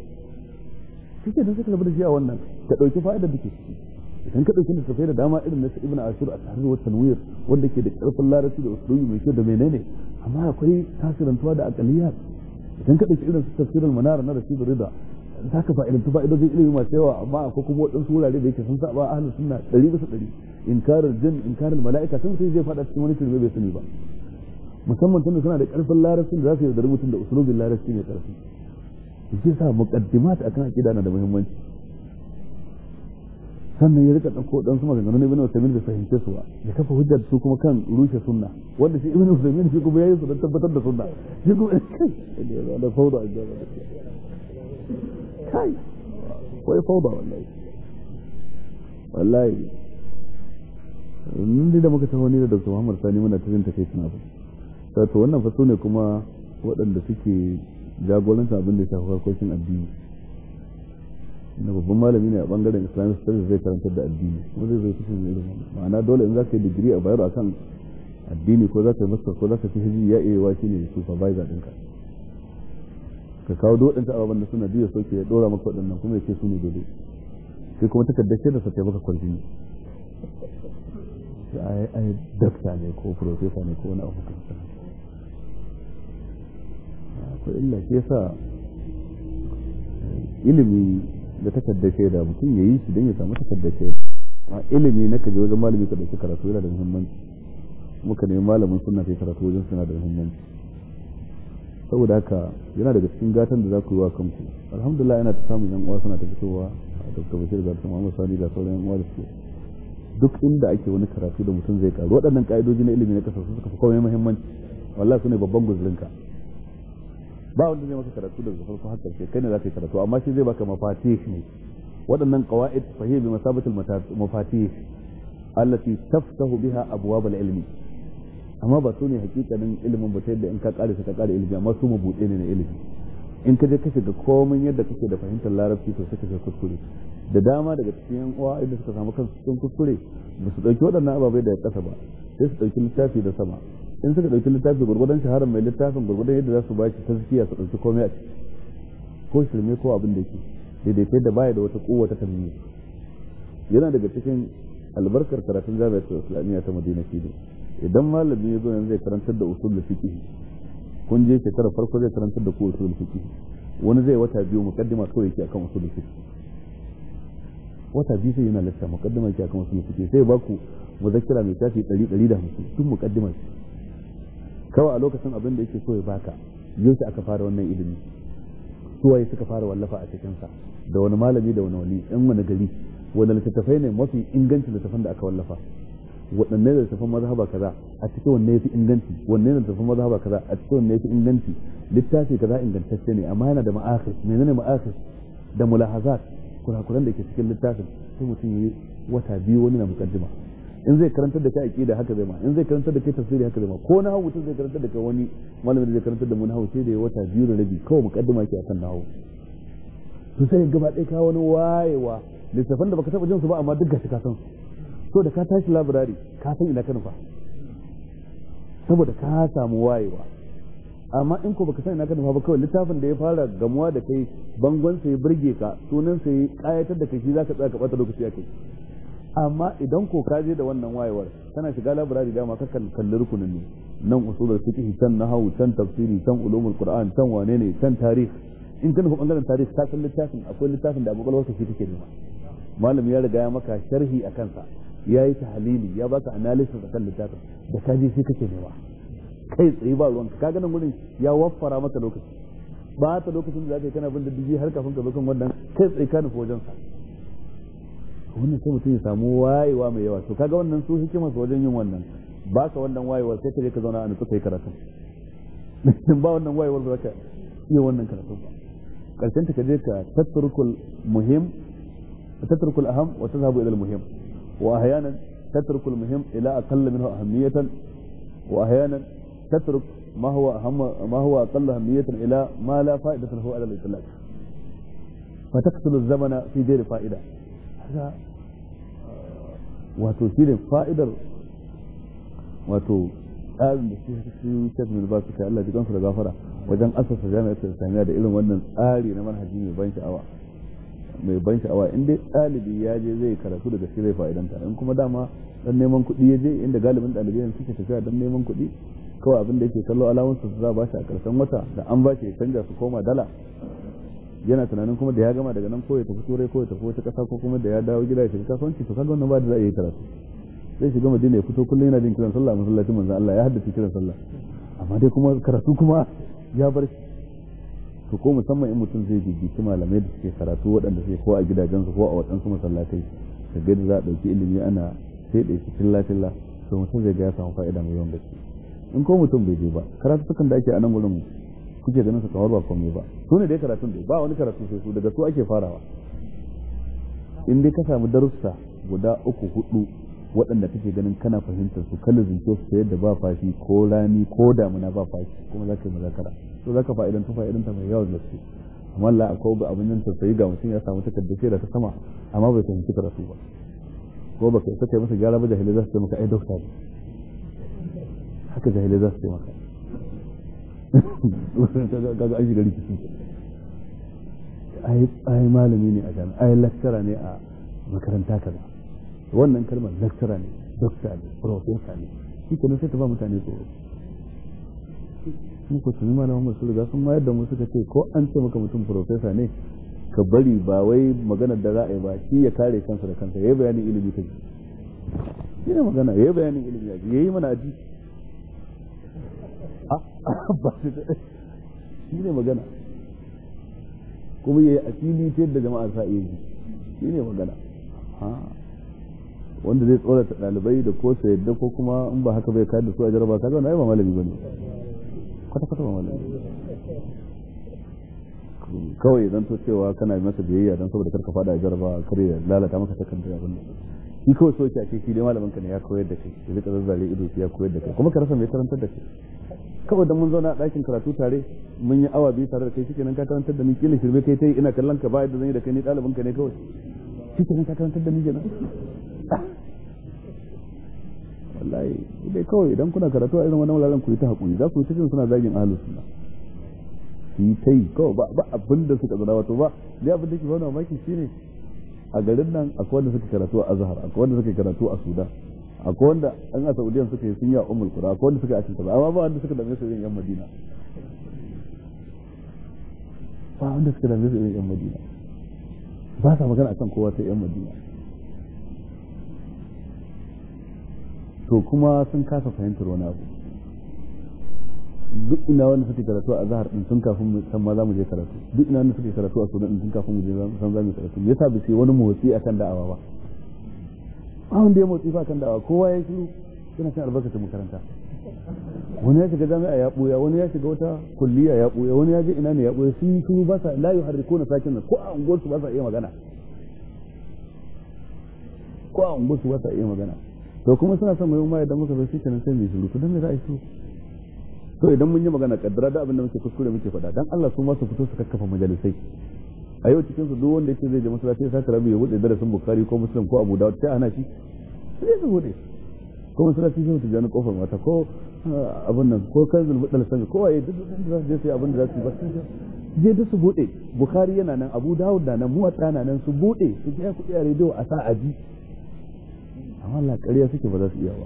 A: kike da suka rabu da shi a wannan ka dauki fa'ida da ke ciki idan ka dauki littafai da dama irin na su ibn ashur a tahrir wa tanwir wanda ke da karfin larabci da usulubi mai kyau da menene amma akwai tasirantuwa da aqaliyat idan ka dauki irin su tafsir al-manar na rashid rida za ka fa'idantu fa'idojin ilimi masu yawa amma akwai kuma waɗansu wurare da yake sun saba ahlus sunna ɗari bisa ɗari inkarar jin inkarar mala'ika sun mutum zai faɗa cikin wani shirme bai sani ba musamman tunda suna da ƙarfin larabcin da za su yarda mutum da usulobin larabci mai ƙarfi shi sa muqaddimat akan aqida na da muhimmanci sannan ya rika ɗauko ɗansu maganganu na ibn usaimin da fahimce su ba ya kafa hujjar su kuma kan rushe sunna wanda shi ibn usaimin shi kuma yayi su don tabbatar da sunna shi kuma (laughs) kai da fauda a jaba kai wai fauda wallahi wallahi ni da muka tafi ni da Dr. Muhammad Sani muna cikin kai suna ba to wannan fa ne kuma waɗanda suke jagoranta abin da ya shafi harkokin addini inda babban malami ne a bangaren islamic studies zai karantar da addini kuma zai zai ne zai ma'ana dole in za ka yi digiri a bayar akan addini ko za ka yi master ko za ka fi hiji ya iya wa shine supervisor ɗinka ka kawo dodin ta ababen da suna biyu soke ya dora maka waɗannan kuma ya ce su ne dole sai kuma kaddace da sa ta maka kwarjini ai dakta ne ko professor ne ko wani abu kan ko illa ke sa eh, ilimi da takardar shaida mutum ya yi shi don ya samu takardar shaida a ilimi na kaji wajen malami ka dauki karatu yana da muhimmanci muka nemi malamin suna kai karatu wajen suna da muhimmanci saboda haka yana daga cikin gatan da za ku yi wa kanku alhamdulillah yana ta samun yan uwa suna ta fitowa a dr bashir da muhammad sani da sauran yan uwa da suke duk inda ake wani karatu da mutum zai karu waɗannan ka'idoji na ilimi na kasa su suka fi komai muhimmanci wallahi su ne babban guzurinka ba wanda zai maka karatu daga farko har karshe kai ne za ka yi karatu amma shi zai baka mafatih ne waɗannan qawaid fahimi masabatul mafatih allati taftahu biha abwab al-ilmi amma ba su ne hakikanin ilimin ba ta yadda in ka kare ka kare ilimi amma su mabuɗe ne na ilimi in ka je ka shiga komai yadda kake da fahimtar larabci to suka kuskure da dama daga cikin yan uwa inda suka samu kansu sun kuskure ba su ɗauki waɗannan ababai daga ƙasa ba sai su ɗauki littafi da sama in suka ɗauki littafi gwargwadon shaharar mai littafin gwargwadon yadda za su ba shi tazkiya su ɗauki komai a ciki ko shirme ko abin da yake daidaitai da baya da wata kowa ta tamimi yana daga cikin albarkar karatun jami'ar islamiyya ta madina shi ne idan malami ya zo yanzu zai karantar da usul da fiƙi kun je shekarar farko zai karantar da ku usul da fiƙi wani zai wata biyu mukaddima kawai yake akan usul da fiƙi wata biyu sai yana lissa mukaddima yake akan usul da fiƙi sai ba ku muzakkira mai tafi da hamsin tun mukaddima shi kawai a lokacin abin da yake so ya baka yau aka fara wannan ilimi suwaye suka fara wallafa a cikinsa da wani malami da wani wali yan wani gari wani littattafai ne mafi ingancin littattafan da aka wallafa waɗanne da littattafan mazhaba kaza a cikin wanne ya fi inganci wanne da littattafan mazhaba kaza a cikin wanne ya fi inganci littafi kaza ingantacce ne amma yana da ma'akhis menene ma'akhis da mulahazat kurakuran da ke cikin littafin sai mutum ya yi wata biyu wani na mukaddima in zai karantar da kai aqida haka zai ma in zai karantar da kai tafsiri haka zai ma ko na hawu zai karantar da kai wani malamin da zai karantar da mu na hawu sai da wata biyu da rabi kawai mukaddima ke akan nawo to sai gaba ɗaya ka wani wayewa littafan da baka taba jin su ba amma duk gashi ka san so da ka tashi labirari ka san ina ka saboda ka samu wayewa amma in ko baka san ina ka ba kawai littafin da ya fara gamuwa da kai bangon sai burge ka sunan sai kayatar da kai shi zaka tsaya ka bata lokaci kai. amma idan ko ka je da wannan wayewar kana shiga labirari dama ka kalli rukunin ne nan usulul fiqh can nahawu can tafsiri can ulumul qur'an can wane ne can tarihi in kana bangaren tarihi ka san littafin akwai littafin da abokan wasu shi take nema malam ya riga ya maka sharhi a kansa ya yi tahlili ya baka analysis akan littafin da ka je shi kake nema kai tsaye ba ruwanka ka ganin gurin ya waffara maka lokaci ba ta lokacin da zaka yi kana bin diddigi har kafin ka zo kan wannan kai tsaye ka nufi wajen sa wannan sai mutum ya samu wayewa mai yawa to kaga wannan su hikima su wajen yin wannan ba ka wannan wayewar sai ka je ka zauna a nutsu kai karatu ba wannan wayewar ba ka iya wannan karatu ba karshen ta ka je ka tatrukul muhim tatrukul aham wa tazhabu ila al muhim wa ahyanan tatrukul muhim ila aqall minhu ahamiyatan wa ahyanan tatruk ma huwa ما هو أهم ما هو أقل أهمية إلى ما لا فائدة له على الإطلاق al-zamana fi غير فائدة haka wato shi ne fa'idar wato tsarin da shi shi shek ba su kai Allah jikansu da gafara wajen asasa jami'ar islamiyya da irin wannan tsari na manhaji mai ban sha'awa mai ban sha'awa in dai ɗalibi ya je zai karatu daga shi zai fa'idanta in kuma dama dan neman kuɗi ya je inda galibin ɗalibai suke tafiya dan neman kuɗi kawai abinda da yake kallo alamun su za ba shi a ƙarshen wata da an ba shi ya canja su koma dala yana tunanin kuma da ya gama daga nan ko ta tafi turai ko ya tafi wata kasa ko kuma da ya dawo gida ya shiga kasuwanci to kaga wannan ba da za a yi karatu sai shiga madina ya fito kullum yana jin kiran sallah masallacin manzon Allah ya haddace kiran sallah amma dai kuma karatu kuma ya bar shi to ko musamman in mutum zai bibici malamai da suke karatu waɗanda suke ko a gidajensu ko a waɗansu masallatai kaga da za a ɗauki ilimi ana sai da shi filla filla to mutum zai ga ya samu fa'ida mai yawan gaske in ko mutum bai je ba karatu sukan da ake a nan gurin kuke ganin su kamar ba komai ba su ne dai karatun dai ba wani karatu sai su daga su ake farawa in dai ka samu darussa guda uku hudu waɗanda kake ganin kana fahimtar su kan zuciya su yadda ba fashi ko rani ko damuna ba fashi kuma za ka yi mazakara to za ka fa'idan ta fa'idan ta mai yawan gaske amma Allah akwai ba abin nan tausayi ga mutum ya samu takardar shaida ta sama amma bai fahimci karatu ba ko baka isa kai masa gyara ba jahilai za su ce maka ai dokta haka jahilai za su ce maka kaga an shiga rikici ai malami ne a jami'a ai lecturer ne a makaranta kaza wannan kalmar lecturer ne doctor ne professor ne shi kenan sai ta ba mutane tsoro mu ko tuni malaman masu riga sun mayar da mu suka ce ko an ce maka mutum professor ne ka bari ba wai magana da za a yi ba shi ya kare kansa da kansa yayi bayanin ilimi ta ji. shi ne magana ya yayi bayanin ilimi ya yi mana aji (laughs) ba shi ne magana kuma ya yi a fili ta yadda jama'a sa iya yi shi ne magana wanda zai tsorata ɗalibai da ko sa yadda ko kuma in ba haka bai kayar da su a jaraba kaga na yi ba malami ba ne kwata-kwata ba malami kawai zan to cewa kana masa biyayya don saboda karka fada a jaraba kare ya lalata maka kanta yabon da shi kawai soke a ke fili dai malamin ka ne ya koyar da kai ya rika zazzare ido ya koyar da kai kuma ka rasa mai karantar da kai kawai da mun zauna a ɗakin karatu tare mun yi awa biyu tare da kai shikenan ka karantar da ni kila shirme kai tai ina kallon ka ba yadda zan yi da kai ni ɗalibin ka ne kawai shikenan ka karantar da ni kenan wallahi dai kawai idan kuna karatu a irin wannan wuraren ku yi ta hakuri za ku yi cikin suna zagin ahlus sunna su yi tai kawai ba ba abin da suka zana wato ba dai abin da ke bani mamaki shine a garin nan akwai wanda suka karatu a Azhar akwai wanda suka karatu a Sudan akwai wanda an a saudiyan suka yi sun yi a umul kura akwai wanda suka yi a cikin amma ba wanda suka dame su yin yan madina ba wanda suka dame su yin yan madina ba sa magana akan kowa ta yan madina to kuma sun kasa fahimtar wani abu duk ina wanda suke karatu a zahar din sun kafin mu san ma za mu je karatu duk ina wanda suke karatu a sunan din sun kafin mu je san za mu karatu me yasa bai sai wani motsi akan da'awa ba ba da ya motsi fa kan dawa kowa ya shiru suna cin albarkacin makaranta wani ya shiga jami'a ya ɓuya wani ya shiga wata kulliya ya ɓuya wani ya je ina ne ya ɓuya sun shiru ba sa la yuharrikuna sakin ko a unguwarsu ba sa iya magana ko a unguwarsu ba sa iya magana to kuma suna son mai umma idan muka zo shi kenan sai mai shiru to dan me za a yi to idan mun yi magana kaddara da abin da muke kuskure muke faɗa dan Allah su ma su fito su kakkafa majalisai a yau cikin su duk wanda yake zai je masallaci sai ka rabu ya bude darasin bukhari ko muslim ko abu dawud sai ana shi sai su bude ko masallaci sun tijani kofar mata ko eh, abin nan ko kanzul dal sami ko waye duk da za su je sai abin da zai su yi ba je duk su bude bukhari yana nan abu dawud na nan muwatta na nan su bude su je ku iya radio a sa aji amma Allah kariya suke ba za su iya ba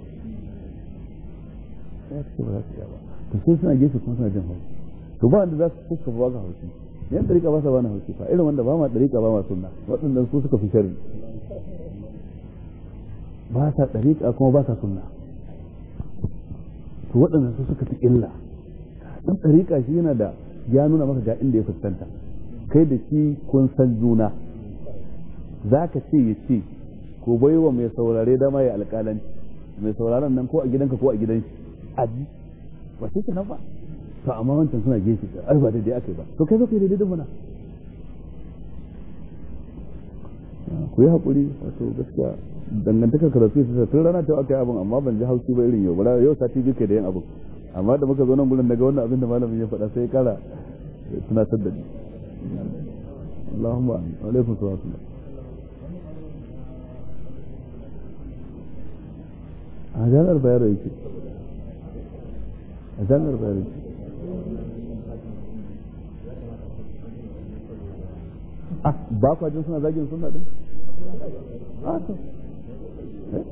A: sai su ba za su iya ba to sai suna gefe kuma suna jin haushi to ba wanda za su fuska ba ga hauki. yan dariƙa ba sa bani haushi fa irin wanda ba ma dariƙa ba ma sunna waɗanda su suka fi shari ba sa dariƙa kuma ba sa sunna to waɗanda su suka fi illa dan dariƙa shi yana da ya nuna maka ga inda ya fuskanta kai da shi kun san juna za ka ce ya ce ko bai wa mai saurare dama ya alƙalanci mai sauraren nan ko a gidanka ko a gidan shi a ji ba shi nan ba to amma wancan suna gefe ai ba daidai akai ba to kai zaka kai daidai da mana ah, ku yi haƙuri wato gaskiya dangantakar karatu su tun rana ta aka yi abin amma ban ji haushi ba irin yau bara yau sati biyu kai da yin abin amma da muka zo nan gurin daga wannan abin da malamin ya faɗa sai ya ƙara suna da ni Allahumma alaikum salatu a janar bayar yake a janar bayar yake Ah, ba kwa jin suna zagin suna din ah, eh?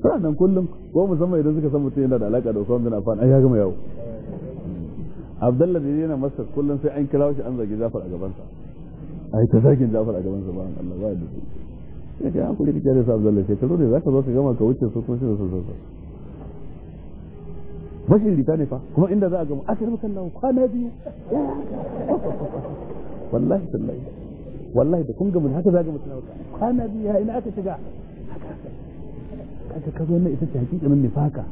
A: suna nan kullum ko musamman idan suka san mutum yana da alaƙa da Usman bin Affan ai ya gama yawo
C: hmm.
A: Abdullah bin yana masa kullum sai an kira shi an zagi Jafar a gabansa ai ta zagin Jafar a gabansa ba Allah ba da sai ka hakuri kike da Abdullah sai ka zo ne za ka zo ka gama ka wuce su kuma sai su zo rita ne fa kuma inda za a gama asir mukan nan kwana biyu wallahi sallai wallahi da kun gamin haka za a ga mutum kwana biyu ya ina aka shiga aka kazo wannan ita ce hakika hakikanin nifaka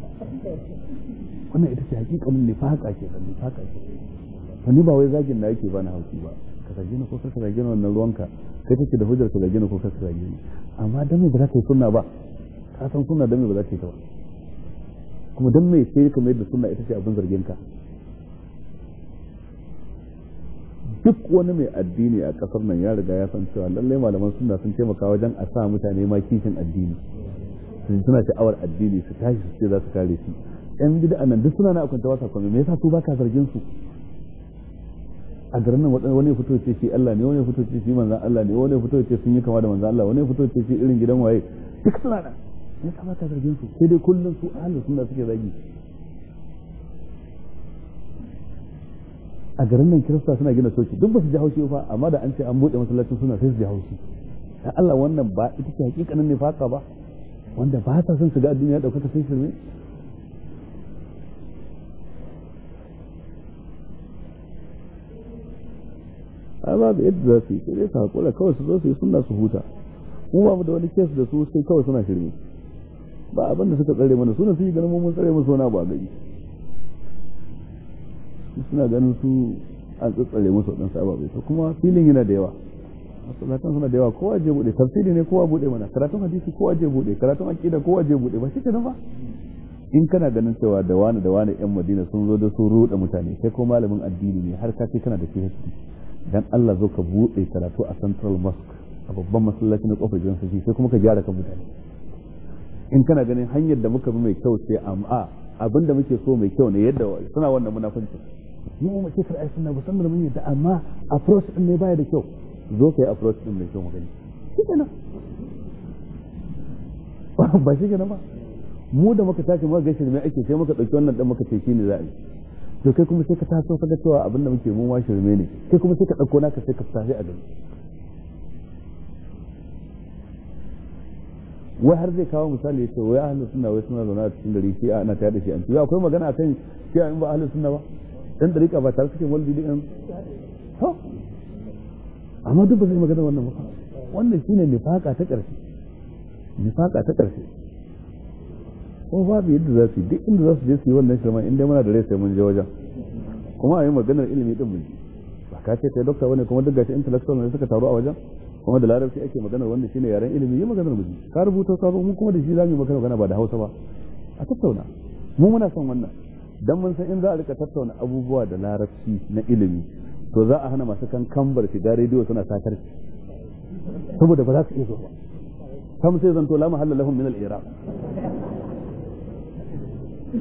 A: wannan ita ce hakika hakikanin nifaka ke da nifaka ke to ni ba wai zagin na yake na hauki ba ka zage ni ko ka zage ni wannan ruwanka kai kake da hujjar ka zage ni ko ka zage ni amma dan me ba za ka yi sunna ba ka san sunna dan me ba za ka yi ta ba kuma don me sai kamar yadda suna ita ce abin zargin ka duk wani mai addini a kasar nan ya riga ya san cewa lallai malaman suna sun taimaka wajen a sa mutane ma kishin addini suna sha'awar addini su tashi su ce za su kare shi yan bid'a nan duk suna na akwanta wasa kuma me yasa su baka zargin su a garin nan wani fito ce shi Allah ne wani fito ce shi manzan Allah ne wani fito ce sun yi kama da manzan Allah wani fito ce shi irin gidan waye duk suna nan ne ka bata zargin su sai dai kullum su ahlus sunna suke zagi a garin nan kirista suna gina coci duk ba su ji haushi fa amma da an ce an buɗe masallacin suna sai su ji haushi ta Allah wannan ba ita ce hakikanin ne faka ba wanda ba ta son shiga addini ya dauka ta sai shirme ba da yadda za su yi sai dai su haƙura kawai su zo su yi suna su huta kuma ba mu da wani kesu da su sai kawai suna shirme ba abinda da suka tsare mana suna yi ganin mun tsare musu wani abu a gari suna ganin su an tsare musu waɗansu ababe to kuma filin yana da yawa masallatan suna da yawa kowa je bude tafsiri ne kowa bude mana karatun hadisi kowa je bude karatun aqida kowa je bude ba shi kenan ba in kana ganin cewa da wani da wani yan madina sun zo da sun ruɗa mutane sai ko malamin addini ne har ka ce kana da PhD dan Allah zo ka bude karatu a Central Mosque a babban masallaci na kofar gidan sai kuma ka gyara kan mutane in kana ganin hanyar da muka bi mai kyau sai amma abin da muke so mai kyau ne yadda suna wannan munafunci mu mu ce kar na sunna musamman mun yadda amma approach din ne baya da kyau zo kai approach din mai kyau mu gani (laughs) ba shi shikenan ba mu da muka tashi muka gaishe mai ake sai muka dauki wannan dan muka ce shine za a yi to kai kuma sai ka taso ka ga cewa abin da muke mu ma shirme ne kai kuma sai ka dauko naka sai ka tafi a gani wai har zai kawo misali ya ce wai ahli sunna wai suna zaune a cikin dari shi ana tayar da shi an ce akwai magana akan shi in ba ahli sunna ba dan dariƙa ba tare suke walidi ɗin to amma duk ba zai magana wannan ba wannan shine nifaka ta ƙarshe nifaka ta ƙarshe ko babu yadda za su yi duk inda za su je su yi wannan shirman inda muna da rai sai mun je wajen kuma a yi maganar ilimi ɗin mu ba ka ce yi dokta wani kuma duk gashi intellectual ne suka taru a wajen kuma da larabci ake maganar wanda shine yaren ilimi yi maganar mu ka rubuta sabon mu kuma da shi zamu yi magana ba da Hausa ba a tattauna mu muna son wannan dan mun san in za a rika tattauna abubuwa da larabci na ilimi to za a hana masu kan kambar shiga rediyo suna satar saboda ba za su iya ba kam sai zan la mahalla lahum min al-iraq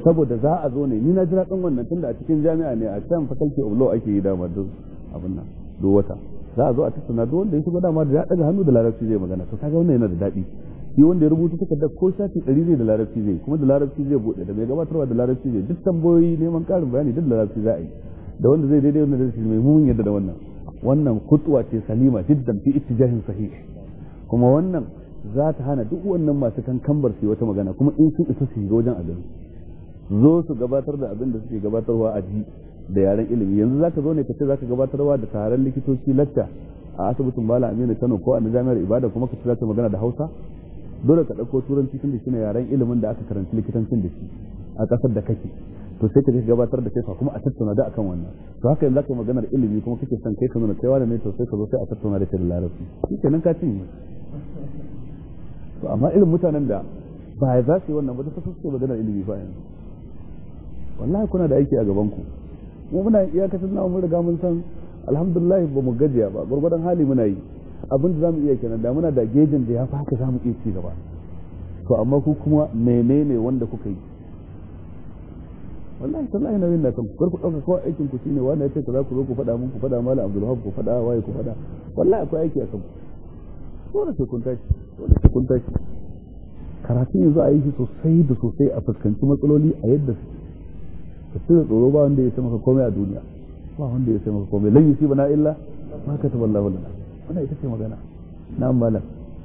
A: saboda za a zo ne ni na jira dan wannan tunda a cikin jami'a ne a can faculty of law ake yi dama duk abin nan duk wata za a zo a tattauna duk wanda ya shigo dama da ya daga hannu da larabci zai magana to kaga wannan yana da daɗi shi wanda ya rubuta takardar ko shafi ɗari zai da larabci zai kuma da larabci zai buɗe da mai gabatarwa da larabci zai duk tambayoyi neman ƙarin bayani duk da larabci za a yi da wanda zai daidai wanda zai mai mun yadda da wannan wannan kutuwa ce salima jiddan fi ittijahin sahih kuma wannan za ta hana duk wannan masu kankambar su wata magana kuma in sun isa su shiga wajen abin zo su gabatar da abin da suke gabatarwa a ji da yaren ilimi yanzu zaka zo ne ka ce zaka gabatarwa da taron likitoci lacca a asibitin Malam Aminu Kano ko a na jami'ar Ibada kuma ka ce zaka magana da Hausa dole ka ɗauko turanci tun da shi yaren ilimin da aka karanci likitancin da shi a ƙasar da kake to sai ka je gabatar da kaifa kuma a tattauna da akan wannan to haka yanzu ka maganar ilimi kuma kake son kai ka nuna kai wani ne to sai ka zo sai a tattauna da kai da larabci kike nan ka cinye to amma irin mutanen da ba za su yi wannan ba da su magana ilimi ba yanzu wallahi kuna da aiki a gaban ku mu muna iyakacin namu mun riga mun san alhamdulillah ba mu gajiya ba gurgurdan hali muna yi abin da zamu iya kenan da muna da gejin da ya fata zamu iya ci gaba to amma ku kuma menene wanda kuka yi wallahi tallahi na kanku kan ku dauka kawai aikin ku shine wanda yace kaza ku zo ku faɗa mun ku faɗa mala abdulhab ku faɗa waye ku faɗa wallahi akwai aiki a ku dole sai kun tashi dole sai kun tashi karatun yanzu a yi shi sosai da sosai a fuskanci matsaloli a yadda suke ka cire tsoro ba wanda ya sai maka komai a duniya ba wanda ya sai maka komai lan yusi bana illa ma kataballahu lana wannan ita ce magana na malam